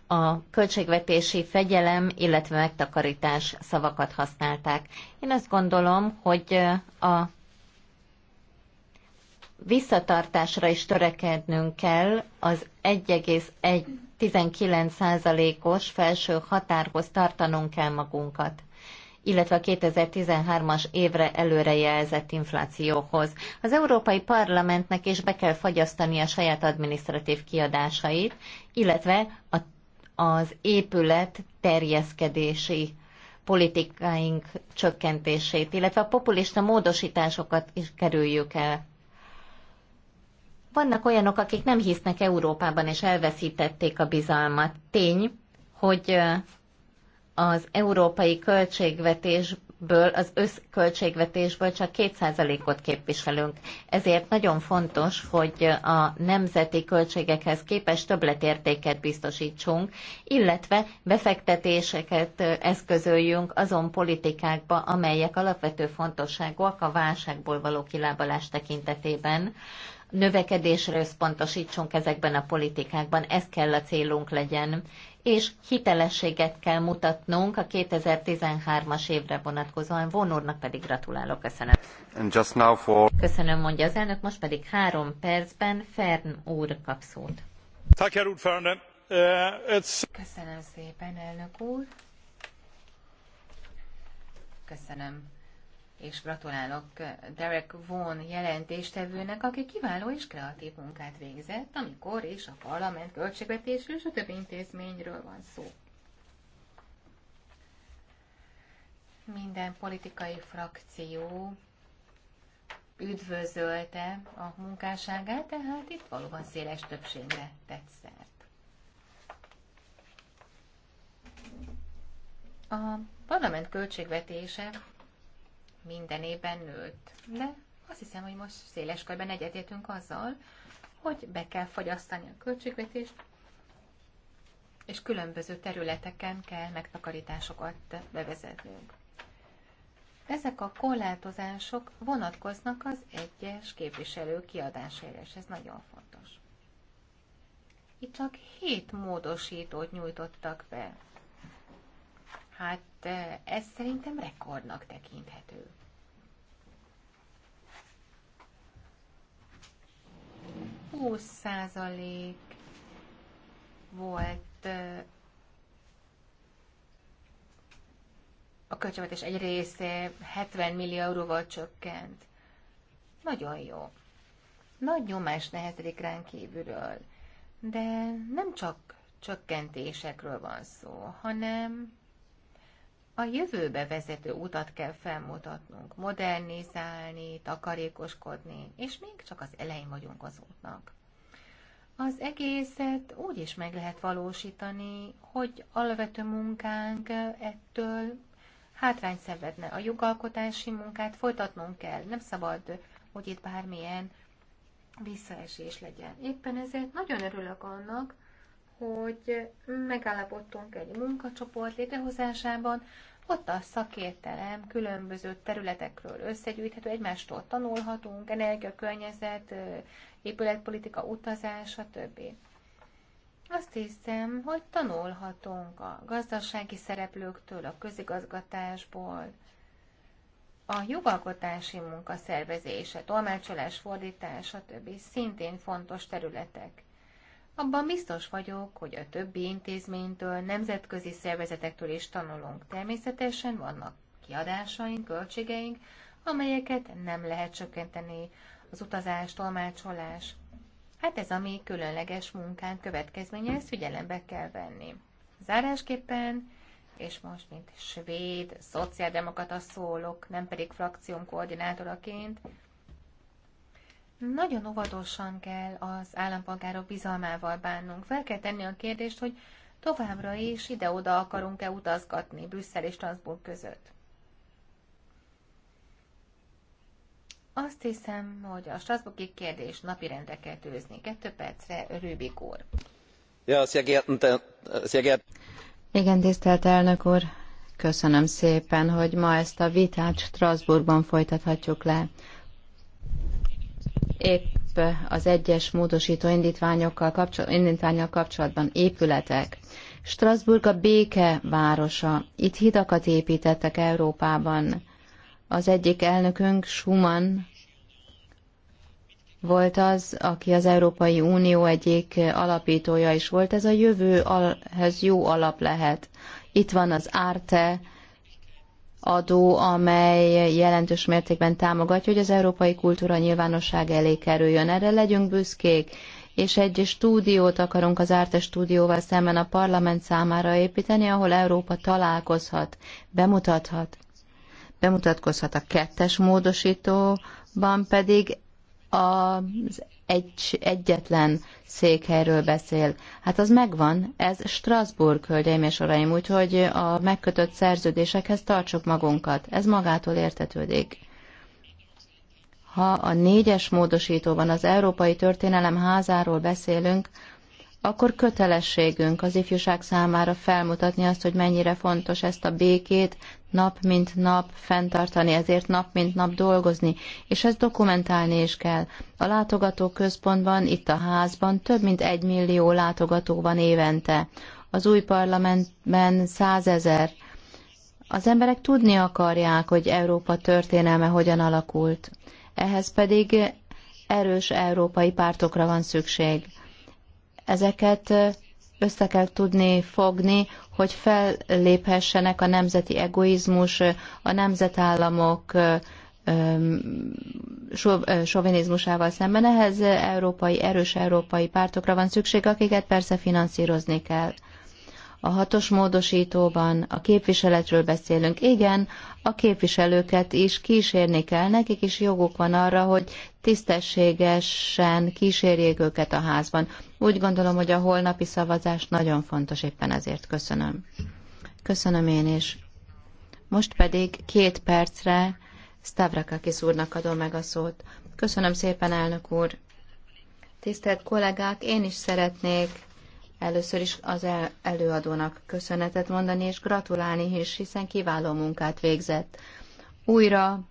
a költségvetési fegyelem, illetve megtakarítás szavakat használták. Én azt gondolom, hogy a visszatartásra is törekednünk kell az 1,1 19%-os felső határhoz tartanunk kell magunkat illetve a 2013-as évre előrejelzett inflációhoz. Az Európai Parlamentnek is be kell fagyasztani a saját adminisztratív kiadásait, illetve a, az épület terjeszkedési politikáink csökkentését, illetve a populista módosításokat is kerüljük el. Vannak olyanok, akik nem hisznek Európában, és elveszítették a bizalmat. Tény, hogy az európai költségvetésből, az összköltségvetésből csak 2%-ot képviselünk. Ezért nagyon fontos, hogy a nemzeti költségekhez képes többletértéket biztosítsunk, illetve befektetéseket eszközöljünk azon politikákba, amelyek alapvető fontosságúak a válságból való kilábalás tekintetében növekedésre összpontosítsunk ezekben a politikákban, ez kell a célunk legyen, és hitelességet kell mutatnunk a 2013-as évre vonatkozóan. úrnak pedig gratulálok, köszönöm. And just now for... Köszönöm, mondja az elnök, most pedig három percben Fern úr kap szót. Eh, köszönöm szépen, elnök úr. Köszönöm és gratulálok Derek Vaughan jelentéstevőnek, aki kiváló és kreatív munkát végzett, amikor is a parlament költségvetésről és a több intézményről van szó. Minden politikai frakció üdvözölte a munkásságát, tehát itt valóban széles többségre tett szert. A parlament költségvetése minden évben nőtt. De azt hiszem, hogy most széles körben egyetértünk azzal, hogy be kell fogyasztani a költségvetést, és különböző területeken kell megtakarításokat bevezetnünk. Ezek a korlátozások vonatkoznak az egyes képviselő kiadására, és ez nagyon fontos. Itt csak hét módosítót nyújtottak be. Hát eh, ez szerintem rekordnak tekinthető. Húsz százalék volt eh, a költségvetés egy része 70 millió euróval csökkent. Nagyon jó. Nagy nyomás nehezedik ránk kívülről, de nem csak csökkentésekről van szó, hanem a jövőbe vezető utat kell felmutatnunk, modernizálni, takarékoskodni, és még csak az elején vagyunk az útnak. Az egészet úgy is meg lehet valósítani, hogy alapvető munkánk ettől hátrány szenvedne. A jogalkotási munkát folytatnunk kell, nem szabad, hogy itt bármilyen visszaesés legyen. Éppen ezért nagyon örülök annak, hogy megállapodtunk egy munkacsoport létrehozásában, ott a szakértelem különböző területekről összegyűjthető, egymástól tanulhatunk, energiakörnyezet, épületpolitika, utazás, stb. Azt hiszem, hogy tanulhatunk a gazdasági szereplőktől, a közigazgatásból, a jogalkotási munka tolmácsolás, fordítás, stb. szintén fontos területek. Abban biztos vagyok, hogy a többi intézménytől, nemzetközi szervezetektől is tanulunk. Természetesen vannak kiadásaink, költségeink, amelyeket nem lehet csökkenteni az utazás, tolmácsolás. Hát ez a mi különleges munkánk következménye, ezt figyelembe kell venni. Zárásképpen, és most mint svéd szociáldemokrata szólok, nem pedig frakcióm koordinátoraként, nagyon óvatosan kell az állampolgárok bizalmával bánnunk. Fel kell tenni a kérdést, hogy továbbra is ide-oda akarunk-e utazgatni Brüsszel és Strasbourg között. Azt hiszem, hogy a Strasbourgi kérdés napirendre kell tőzni. Kettő percre, Rübik úr. Ja, äh, sehr geehrten, Igen, tisztelt elnök úr, köszönöm szépen, hogy ma ezt a vitát Strasbourgban folytathatjuk le épp az egyes módosító indítványokkal kapcsol, kapcsolatban épületek. Strasbourg a béke városa. Itt hidakat építettek Európában. Az egyik elnökünk, Schumann, volt az, aki az Európai Unió egyik alapítója is volt. Ez a jövőhez jó alap lehet. Itt van az Arte adó, amely jelentős mértékben támogatja, hogy az európai kultúra nyilvánosság elé kerüljön. Erre legyünk büszkék, és egy stúdiót akarunk az Árte stúdióval szemben a parlament számára építeni, ahol Európa találkozhat, bemutathat. Bemutatkozhat a kettes módosítóban pedig az egy, egyetlen székhelyről beszél. Hát az megvan, ez Strasbourg, hölgyeim és uraim, úgyhogy a megkötött szerződésekhez tartsuk magunkat. Ez magától értetődik. Ha a négyes módosítóban az Európai Történelem házáról beszélünk, akkor kötelességünk az ifjúság számára felmutatni azt, hogy mennyire fontos ezt a békét nap mint nap fenntartani, ezért nap mint nap dolgozni, és ezt dokumentálni is kell. A látogató központban itt a házban több mint egy millió látogató van évente. Az új parlamentben százezer. Az emberek tudni akarják, hogy Európa történelme hogyan alakult. Ehhez pedig erős európai pártokra van szükség ezeket össze kell tudni fogni, hogy felléphessenek a nemzeti egoizmus, a nemzetállamok sovinizmusával szemben. Ehhez európai, erős európai pártokra van szükség, akiket persze finanszírozni kell. A hatos módosítóban a képviseletről beszélünk. Igen, a képviselőket is kísérni kell, nekik is joguk van arra, hogy tisztességesen kísérjék őket a házban. Úgy gondolom, hogy a holnapi szavazás nagyon fontos, éppen ezért köszönöm. Köszönöm én is. Most pedig két percre Stavrakakis úrnak adom meg a szót. Köszönöm szépen, elnök úr. Tisztelt kollégák, én is szeretnék először is az el, előadónak köszönetet mondani, és gratulálni is, hiszen kiváló munkát végzett. Újra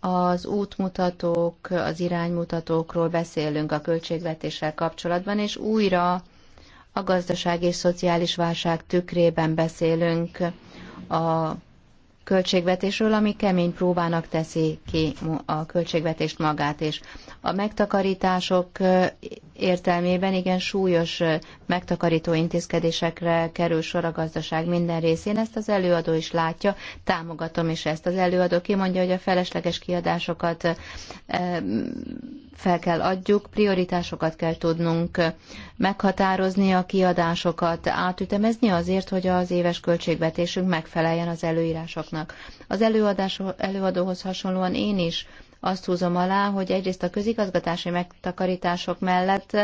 az útmutatók, az iránymutatókról beszélünk a költségvetéssel kapcsolatban, és újra a gazdaság és szociális válság tükrében beszélünk a költségvetésről, ami kemény próbának teszi ki a költségvetést magát, és a megtakarítások értelmében igen súlyos megtakarító intézkedésekre kerül sor a gazdaság minden részén. Ezt az előadó is látja, támogatom is ezt. Az előadó kimondja, hogy a felesleges kiadásokat fel kell adjuk, prioritásokat kell tudnunk meghatározni a kiadásokat, átütemezni azért, hogy az éves költségvetésünk megfeleljen az előírásoknak. Az előadás, előadóhoz hasonlóan én is azt húzom alá, hogy egyrészt a közigazgatási megtakarítások mellett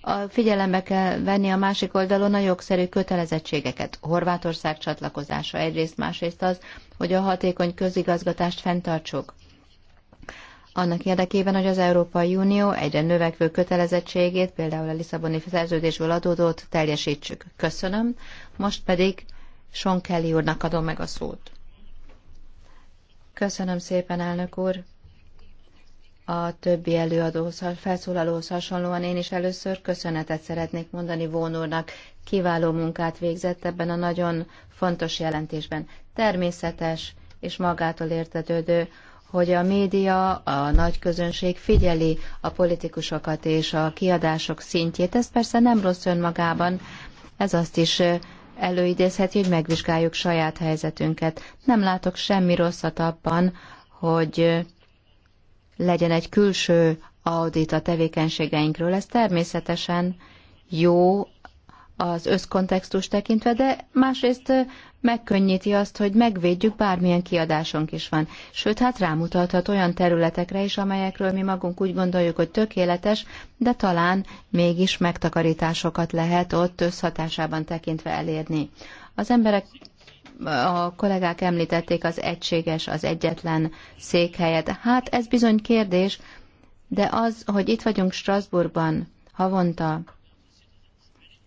a figyelembe kell venni a másik oldalon a jogszerű kötelezettségeket. Horvátország csatlakozása egyrészt, másrészt az, hogy a hatékony közigazgatást fenntartsuk annak érdekében, hogy az Európai Unió egyre növekvő kötelezettségét, például a Lisszaboni szerződésből adódót teljesítsük. Köszönöm. Most pedig Sean Kelly úrnak adom meg a szót. Köszönöm szépen, elnök úr. A többi előadóhoz, felszólalóhoz hasonlóan én is először köszönetet szeretnék mondani Vón úrnak. Kiváló munkát végzett ebben a nagyon fontos jelentésben. Természetes és magától értetődő, hogy a média, a nagy közönség figyeli a politikusokat és a kiadások szintjét. Ez persze nem rossz önmagában, ez azt is előidézheti, hogy megvizsgáljuk saját helyzetünket. Nem látok semmi rosszat abban, hogy legyen egy külső audit a tevékenységeinkről. Ez természetesen jó az összkontextus tekintve, de másrészt megkönnyíti azt, hogy megvédjük bármilyen kiadásunk is van. Sőt, hát rámutathat olyan területekre is, amelyekről mi magunk úgy gondoljuk, hogy tökéletes, de talán mégis megtakarításokat lehet ott összhatásában tekintve elérni. Az emberek a kollégák említették az egységes, az egyetlen székhelyet. Hát ez bizony kérdés, de az, hogy itt vagyunk Strasbourgban havonta,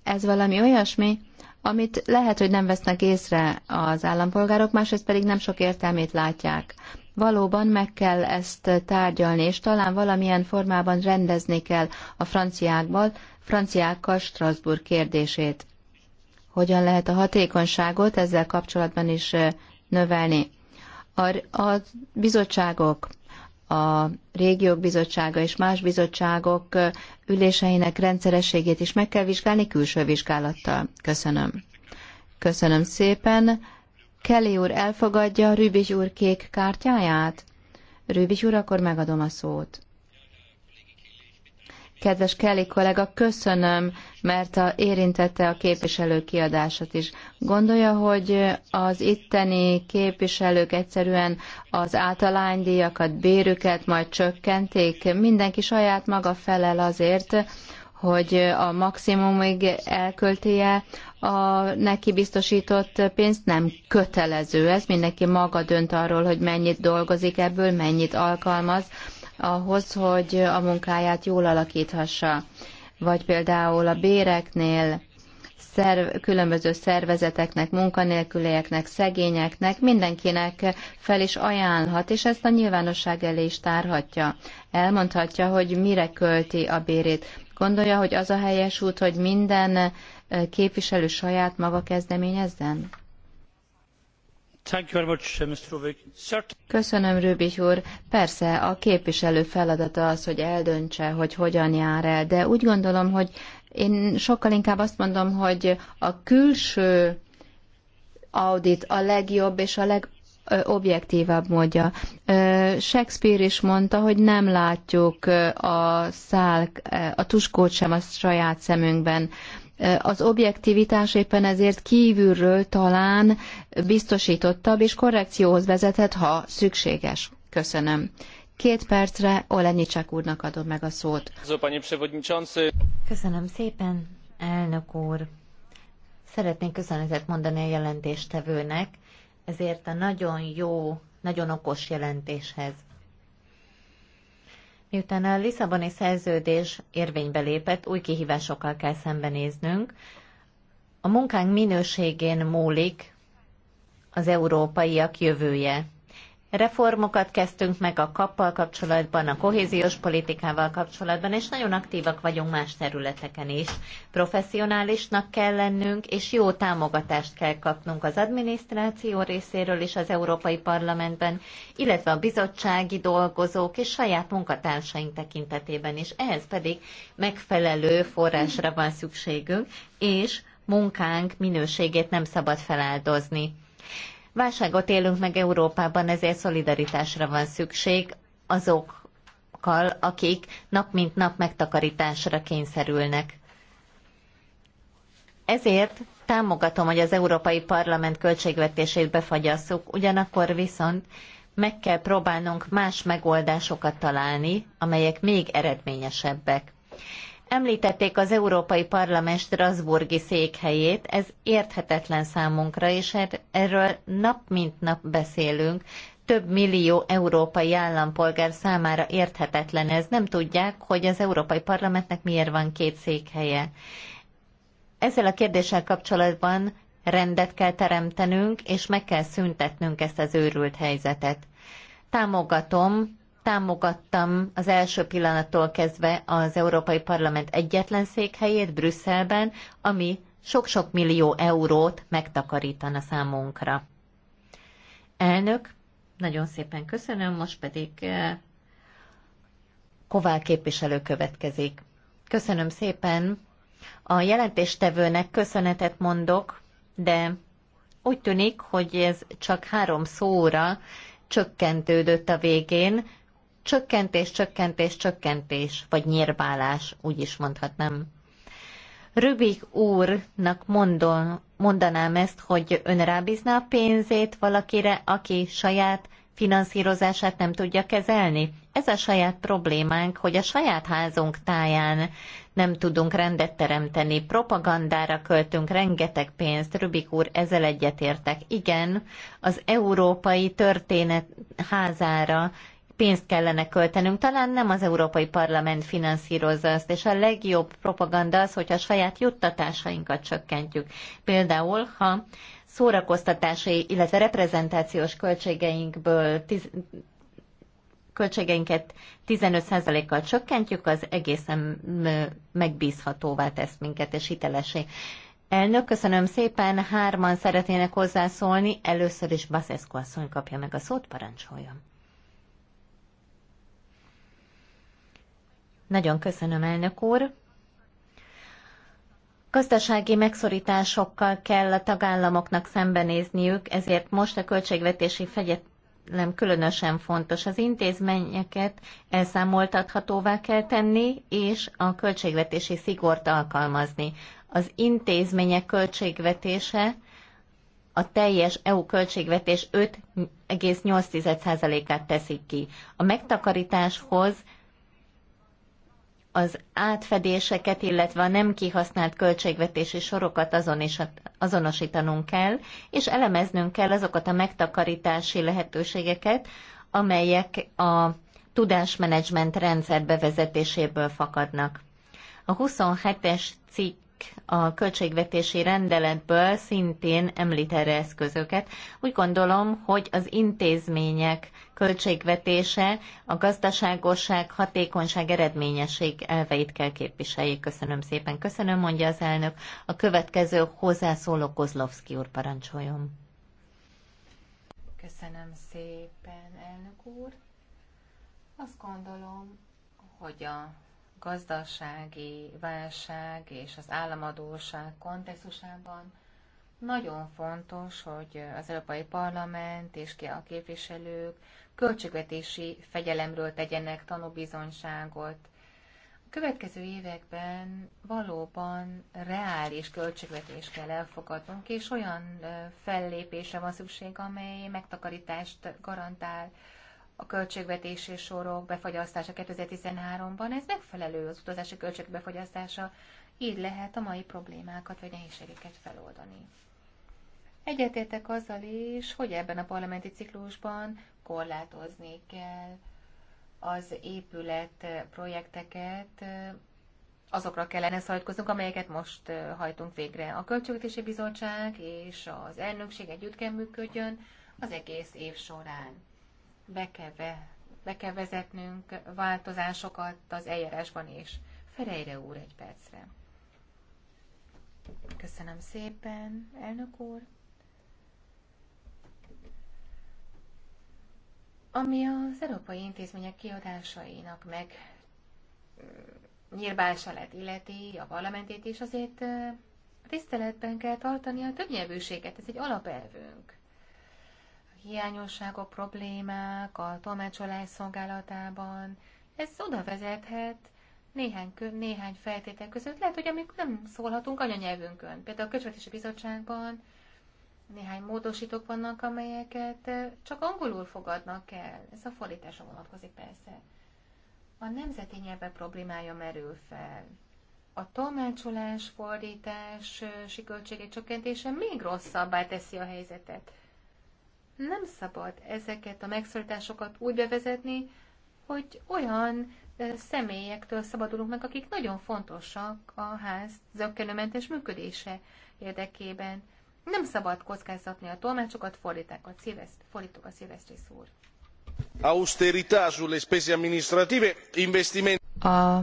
ez valami olyasmi, amit lehet, hogy nem vesznek észre az állampolgárok, másrészt pedig nem sok értelmét látják. Valóban meg kell ezt tárgyalni, és talán valamilyen formában rendezni kell a franciákból, franciákkal Strasbourg kérdését. Hogyan lehet a hatékonyságot ezzel kapcsolatban is növelni? A, a bizottságok, a régiók bizottsága és más bizottságok üléseinek rendszerességét is meg kell vizsgálni külső vizsgálattal. Köszönöm. Köszönöm szépen. Kelly úr elfogadja Rübis úr kék kártyáját? Rübis úr, akkor megadom a szót kedves Kelly kollega, köszönöm, mert a, érintette a képviselő kiadását is. Gondolja, hogy az itteni képviselők egyszerűen az általánydíjakat, bérüket majd csökkenték? Mindenki saját maga felel azért, hogy a maximumig elköltéje a neki biztosított pénzt, nem kötelező ez, mindenki maga dönt arról, hogy mennyit dolgozik ebből, mennyit alkalmaz, ahhoz, hogy a munkáját jól alakíthassa. Vagy például a béreknél szerv, különböző szervezeteknek, munkanélkülieknek, szegényeknek, mindenkinek fel is ajánlhat, és ezt a nyilvánosság elé is tárhatja. Elmondhatja, hogy mire költi a bérét. Gondolja, hogy az a helyes út, hogy minden képviselő saját maga kezdeményezzen? Uh, Köszönöm, Persze, a képviselő feladata az, hogy eldöntse, hogy hogyan jár el, de úgy gondolom, hogy én sokkal inkább azt mondom, hogy a külső audit a legjobb és a leg módja. Shakespeare is mondta, hogy nem látjuk a szál, a tuskót sem a saját szemünkben az objektivitás éppen ezért kívülről talán biztosítottabb és korrekcióhoz vezethet, ha szükséges. Köszönöm. Két percre Olenicsák úrnak adom meg a szót. Köszönöm szépen, elnök úr. Szeretnék köszönetet mondani a jelentéstevőnek, ezért a nagyon jó, nagyon okos jelentéshez. Miután a Lisszaboni szerződés érvénybe lépett, új kihívásokkal kell szembenéznünk. A munkánk minőségén múlik az európaiak jövője. Reformokat kezdtünk meg a kappal kapcsolatban, a kohéziós politikával kapcsolatban, és nagyon aktívak vagyunk más területeken is. Professzionálisnak kell lennünk, és jó támogatást kell kapnunk az adminisztráció részéről is az Európai Parlamentben, illetve a bizottsági dolgozók és saját munkatársaink tekintetében is. Ehhez pedig megfelelő forrásra van szükségünk, és munkánk minőségét nem szabad feláldozni. Válságot élünk meg Európában, ezért szolidaritásra van szükség azokkal, akik nap mint nap megtakarításra kényszerülnek. Ezért támogatom, hogy az Európai Parlament költségvetését befagyasszuk, ugyanakkor viszont meg kell próbálnunk más megoldásokat találni, amelyek még eredményesebbek. Említették az Európai Parlament Strasburgi székhelyét, ez érthetetlen számunkra, és er- erről nap mint nap beszélünk. Több millió európai állampolgár számára érthetetlen ez. Nem tudják, hogy az Európai Parlamentnek miért van két székhelye. Ezzel a kérdéssel kapcsolatban rendet kell teremtenünk, és meg kell szüntetnünk ezt az őrült helyzetet. Támogatom támogattam az első pillanattól kezdve az Európai Parlament egyetlen székhelyét Brüsszelben, ami sok-sok millió eurót megtakarítana számunkra. Elnök, nagyon szépen köszönöm, most pedig eh, Kovál képviselő következik. Köszönöm szépen. A jelentéstevőnek köszönetet mondok, de úgy tűnik, hogy ez csak három szóra csökkentődött a végén, csökkentés, csökkentés, csökkentés, vagy nyírbálás, úgy is mondhatnám. Rübik úrnak mondom, mondanám ezt, hogy ön rábízná a pénzét valakire, aki saját finanszírozását nem tudja kezelni? Ez a saját problémánk, hogy a saját házunk táján nem tudunk rendet teremteni, propagandára költünk rengeteg pénzt, Rubik úr, ezzel egyetértek. Igen, az európai történet házára pénzt kellene költenünk. Talán nem az Európai Parlament finanszírozza azt, és a legjobb propaganda az, hogy a saját juttatásainkat csökkentjük. Például, ha szórakoztatási, illetve reprezentációs költségeinkből tiz, költségeinket 15%-kal csökkentjük, az egészen megbízhatóvá tesz minket, és hitelesé. Elnök, köszönöm szépen, hárman szeretnének hozzászólni. Először is Baszeszko asszony kapja meg a szót, parancsoljon. Nagyon köszönöm, elnök úr. Gazdasági megszorításokkal kell a tagállamoknak szembenézniük, ezért most a költségvetési fegyelem különösen fontos. Az intézményeket elszámoltathatóvá kell tenni, és a költségvetési szigort alkalmazni. Az intézmények költségvetése a teljes EU költségvetés 5,8%-át teszik ki. A megtakarításhoz az átfedéseket, illetve a nem kihasznált költségvetési sorokat azon is azonosítanunk kell, és elemeznünk kell azokat a megtakarítási lehetőségeket, amelyek a tudásmenedzsment rendszer bevezetéséből fakadnak. A 27-es cikk a költségvetési rendeletből szintén említ erre eszközöket. Úgy gondolom, hogy az intézmények költségvetése a gazdaságosság, hatékonyság, eredményesség elveit kell képviseljék. Köszönöm szépen. Köszönöm, mondja az elnök. A következő hozzászóló Kozlovszki úr parancsoljon. Köszönöm szépen, elnök úr. Azt gondolom, hogy a gazdasági válság és az államadóság kontextusában nagyon fontos, hogy az Európai Parlament és ki a képviselők költségvetési fegyelemről tegyenek tanúbizonyságot. A következő években valóban reális költségvetést kell elfogadnunk, és olyan fellépésre van szükség, amely megtakarítást garantál a költségvetési sorok befagyasztása 2013-ban, ez megfelelő az utazási költségek befagyasztása, így lehet a mai problémákat vagy nehézségeket feloldani. Egyetértek azzal is, hogy ebben a parlamenti ciklusban korlátozni kell az épület projekteket, azokra kellene szajtkoznunk, amelyeket most hajtunk végre. A Költségvetési Bizottság és az elnökség együtt kell működjön az egész év során be kell, ve, be kell vezetnünk változásokat az eljárásban is. Ferejre úr egy percre. Köszönöm szépen, elnök úr. Ami az európai intézmények kiadásainak meg lett illeti, a parlamentét is, azért tiszteletben kell tartani a többnyelvűséget, ez egy alapelvünk hiányosságok, problémák a tolmácsolás szolgálatában, ez oda vezethet néhány, néhány feltétel között. Lehet, hogy amik nem szólhatunk anyanyelvünkön. Például a Köcsvetési Bizottságban néhány módosítók vannak, amelyeket eh, csak angolul fogadnak el. Ez a fordításra vonatkozik persze. A nemzeti nyelve problémája merül fel. A tolmácsolás, fordítás, eh, siköltségek csökkentése még rosszabbá teszi a helyzetet nem szabad ezeket a megszorításokat úgy bevezetni, hogy olyan személyektől szabadulunk meg, akik nagyon fontosak a ház zöggenőmentes működése érdekében. Nem szabad kockázatni a tolmácsokat, fordítok a szíveszt, fordítok a szilvesztri szúr. A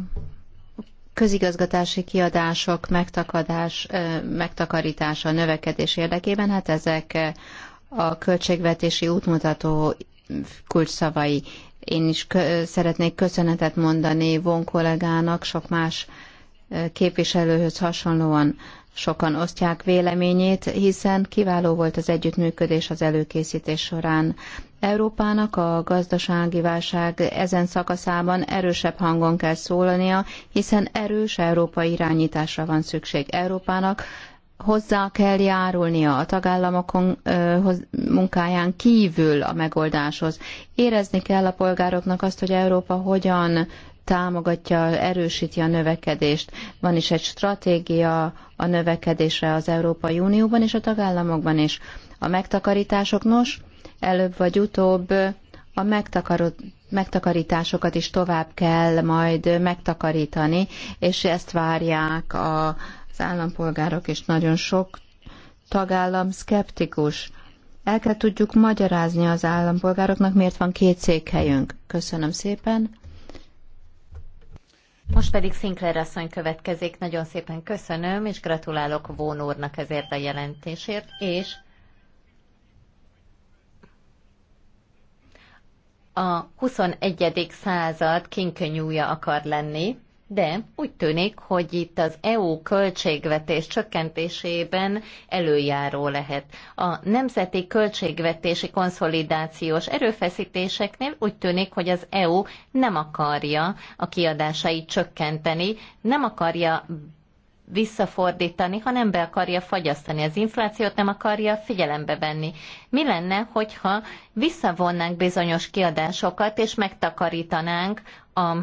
közigazgatási kiadások megtakadás, megtakarítása növekedés érdekében, hát ezek a költségvetési útmutató kulcsszavai. Én is szeretnék köszönetet mondani von kollégának, sok más képviselőhöz hasonlóan sokan osztják véleményét, hiszen kiváló volt az együttműködés az előkészítés során. Európának a gazdasági válság ezen szakaszában erősebb hangon kell szólania, hiszen erős európai irányításra van szükség Európának, hozzá kell járulnia a tagállamokon munkáján kívül a megoldáshoz. Érezni kell a polgároknak azt, hogy Európa hogyan támogatja, erősíti a növekedést. Van is egy stratégia a növekedésre az Európai Unióban és a tagállamokban is. A megtakarítások nos, előbb vagy utóbb a megtakarításokat is tovább kell majd megtakarítani, és ezt várják a, az állampolgárok és nagyon sok tagállam szkeptikus. El kell tudjuk magyarázni az állampolgároknak, miért van két székhelyünk. Köszönöm szépen. Most pedig Sinclair asszony következik. Nagyon szépen köszönöm, és gratulálok Vón úrnak ezért a jelentésért, és a 21. század kinkönyúja akar lenni, de úgy tűnik, hogy itt az EU költségvetés csökkentésében előjáró lehet. A nemzeti költségvetési konszolidációs erőfeszítéseknél úgy tűnik, hogy az EU nem akarja a kiadásait csökkenteni, nem akarja visszafordítani, hanem be akarja fagyasztani az inflációt, nem akarja figyelembe venni. Mi lenne, hogyha visszavonnánk bizonyos kiadásokat, és megtakarítanánk a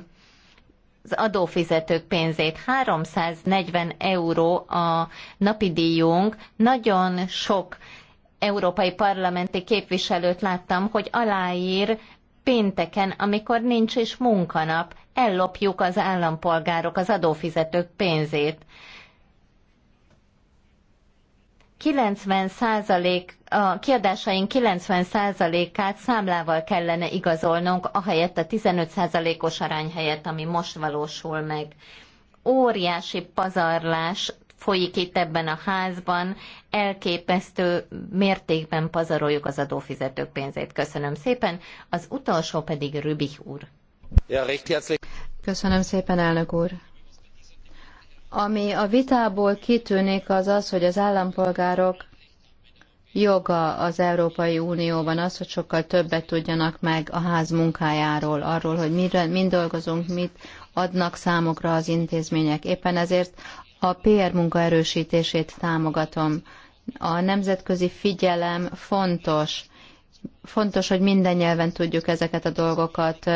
az adófizetők pénzét. 340 euró a napi díjunk. Nagyon sok európai parlamenti képviselőt láttam, hogy aláír pénteken, amikor nincs is munkanap, ellopjuk az állampolgárok, az adófizetők pénzét. 90 a kiadásaink 90%-át számlával kellene igazolnunk, ahelyett a 15%-os arány helyett, ami most valósul meg. Óriási pazarlás folyik itt ebben a házban, elképesztő mértékben pazaroljuk az adófizetők pénzét. Köszönöm szépen. Az utolsó pedig Rübi úr. Köszönöm szépen, elnök úr. Ami a vitából kitűnik, az az, hogy az állampolgárok joga az Európai Unióban az, hogy sokkal többet tudjanak meg a ház munkájáról, arról, hogy mire, mind dolgozunk, mit adnak számokra az intézmények. Éppen ezért a PR munka erősítését támogatom. A nemzetközi figyelem fontos. Fontos, hogy minden nyelven tudjuk ezeket a dolgokat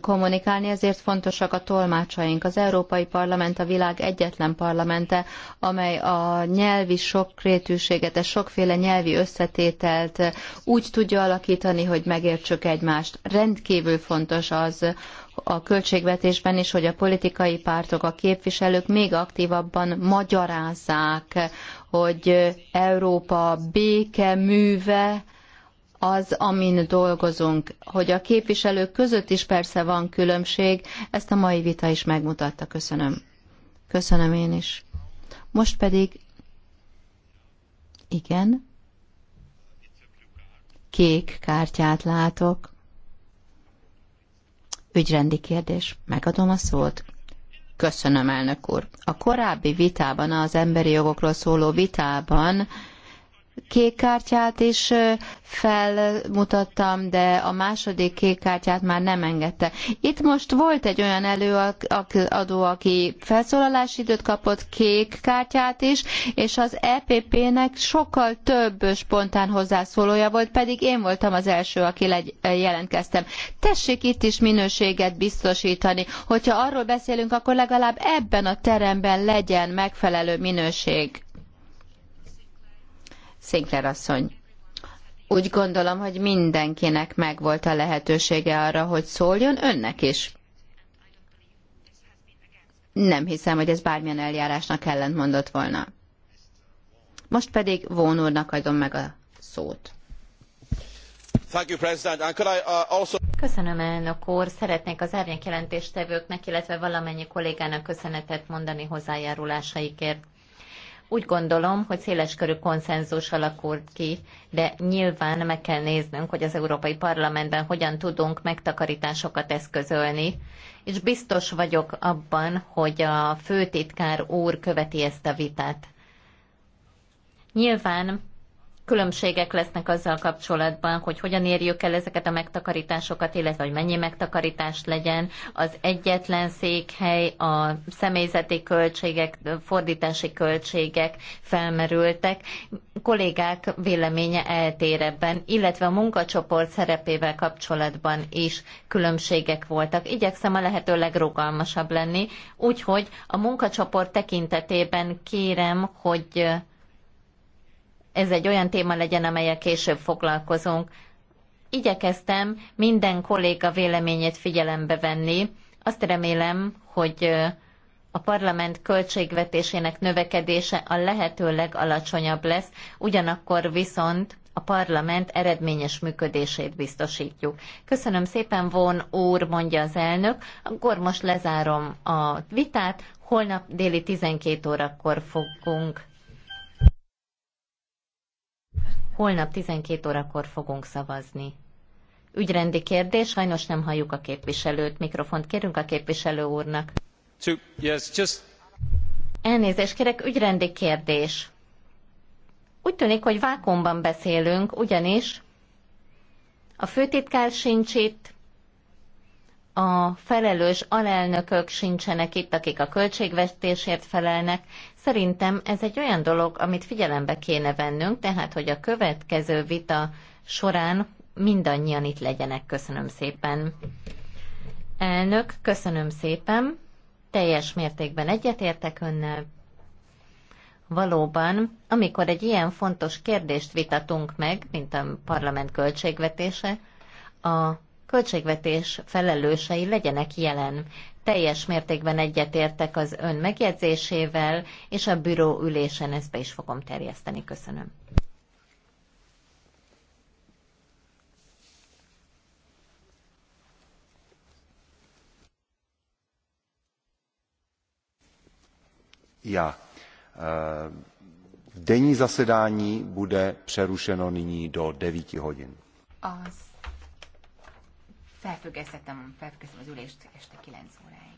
kommunikálni, ezért fontosak a tolmácsaink. Az Európai Parlament a világ egyetlen parlamente, amely a nyelvi sokrétűséget, a sokféle nyelvi összetételt úgy tudja alakítani, hogy megértsük egymást. Rendkívül fontos az, a költségvetésben is, hogy a politikai pártok, a képviselők még aktívabban magyarázzák, hogy Európa béke műve az, amin dolgozunk. Hogy a képviselők között is persze van különbség, ezt a mai vita is megmutatta. Köszönöm. Köszönöm én is. Most pedig. Igen. Kék kártyát látok. Ügyrendi kérdés. Megadom a szót. Köszönöm, elnök úr. A korábbi vitában, az emberi jogokról szóló vitában kék kártyát is felmutattam, de a második kék kártyát már nem engedte. Itt most volt egy olyan előadó, aki felszólalási időt kapott, kék kártyát is, és az EPP-nek sokkal több spontán hozzászólója volt, pedig én voltam az első, aki legy- jelentkeztem. Tessék itt is minőséget biztosítani. Hogyha arról beszélünk, akkor legalább ebben a teremben legyen megfelelő minőség. Szinkler asszony. Úgy gondolom, hogy mindenkinek megvolt a lehetősége arra, hogy szóljon önnek is. Nem hiszem, hogy ez bármilyen eljárásnak mondott volna. Most pedig Vón úrnak adom meg a szót. Uh, Köszönöm, elnök úr. Szeretnék az árnyék jelentéstevőknek, illetve valamennyi kollégának köszönetet mondani hozzájárulásaikért. Úgy gondolom, hogy széleskörű konszenzus alakult ki, de nyilván meg kell néznünk, hogy az Európai Parlamentben hogyan tudunk megtakarításokat eszközölni, és biztos vagyok abban, hogy a főtitkár úr követi ezt a vitát. Nyilván különbségek lesznek azzal kapcsolatban, hogy hogyan érjük el ezeket a megtakarításokat, illetve hogy mennyi megtakarítást legyen. Az egyetlen székhely, a személyzeti költségek, fordítási költségek felmerültek. Kollégák véleménye eltér ebben, illetve a munkacsoport szerepével kapcsolatban is különbségek voltak. Igyekszem a lehető legrugalmasabb lenni, úgyhogy a munkacsoport tekintetében kérem, hogy ez egy olyan téma legyen, amelyel később foglalkozunk. Igyekeztem minden kolléga véleményét figyelembe venni. Azt remélem, hogy a parlament költségvetésének növekedése a lehető legalacsonyabb lesz, ugyanakkor viszont a parlament eredményes működését biztosítjuk. Köszönöm szépen, von úr, mondja az elnök. Akkor most lezárom a vitát, holnap déli 12 órakor fogunk Holnap 12 órakor fogunk szavazni. Ügyrendi kérdés, sajnos nem halljuk a képviselőt. Mikrofont kérünk a képviselő úrnak. Elnézést kérek, ügyrendi kérdés. Úgy tűnik, hogy vákumban beszélünk, ugyanis a főtitkár sincs itt, a felelős alelnökök sincsenek itt, akik a költségvetésért felelnek. Szerintem ez egy olyan dolog, amit figyelembe kéne vennünk, tehát hogy a következő vita során mindannyian itt legyenek. Köszönöm szépen. Elnök, köszönöm szépen. Teljes mértékben egyetértek önnel. Valóban, amikor egy ilyen fontos kérdést vitatunk meg, mint a parlament költségvetése, a költségvetés felelősei legyenek jelen. Teljes mértékben egyetértek az ön megjegyzésével, és a büró ülésen ezt be is fogom terjeszteni. Köszönöm. Já. Eh, denní zasedání bude přerušeno nyní do 9 hodin. Az felfüggesztettem, felfüggesztem az ülést este 9 óráig.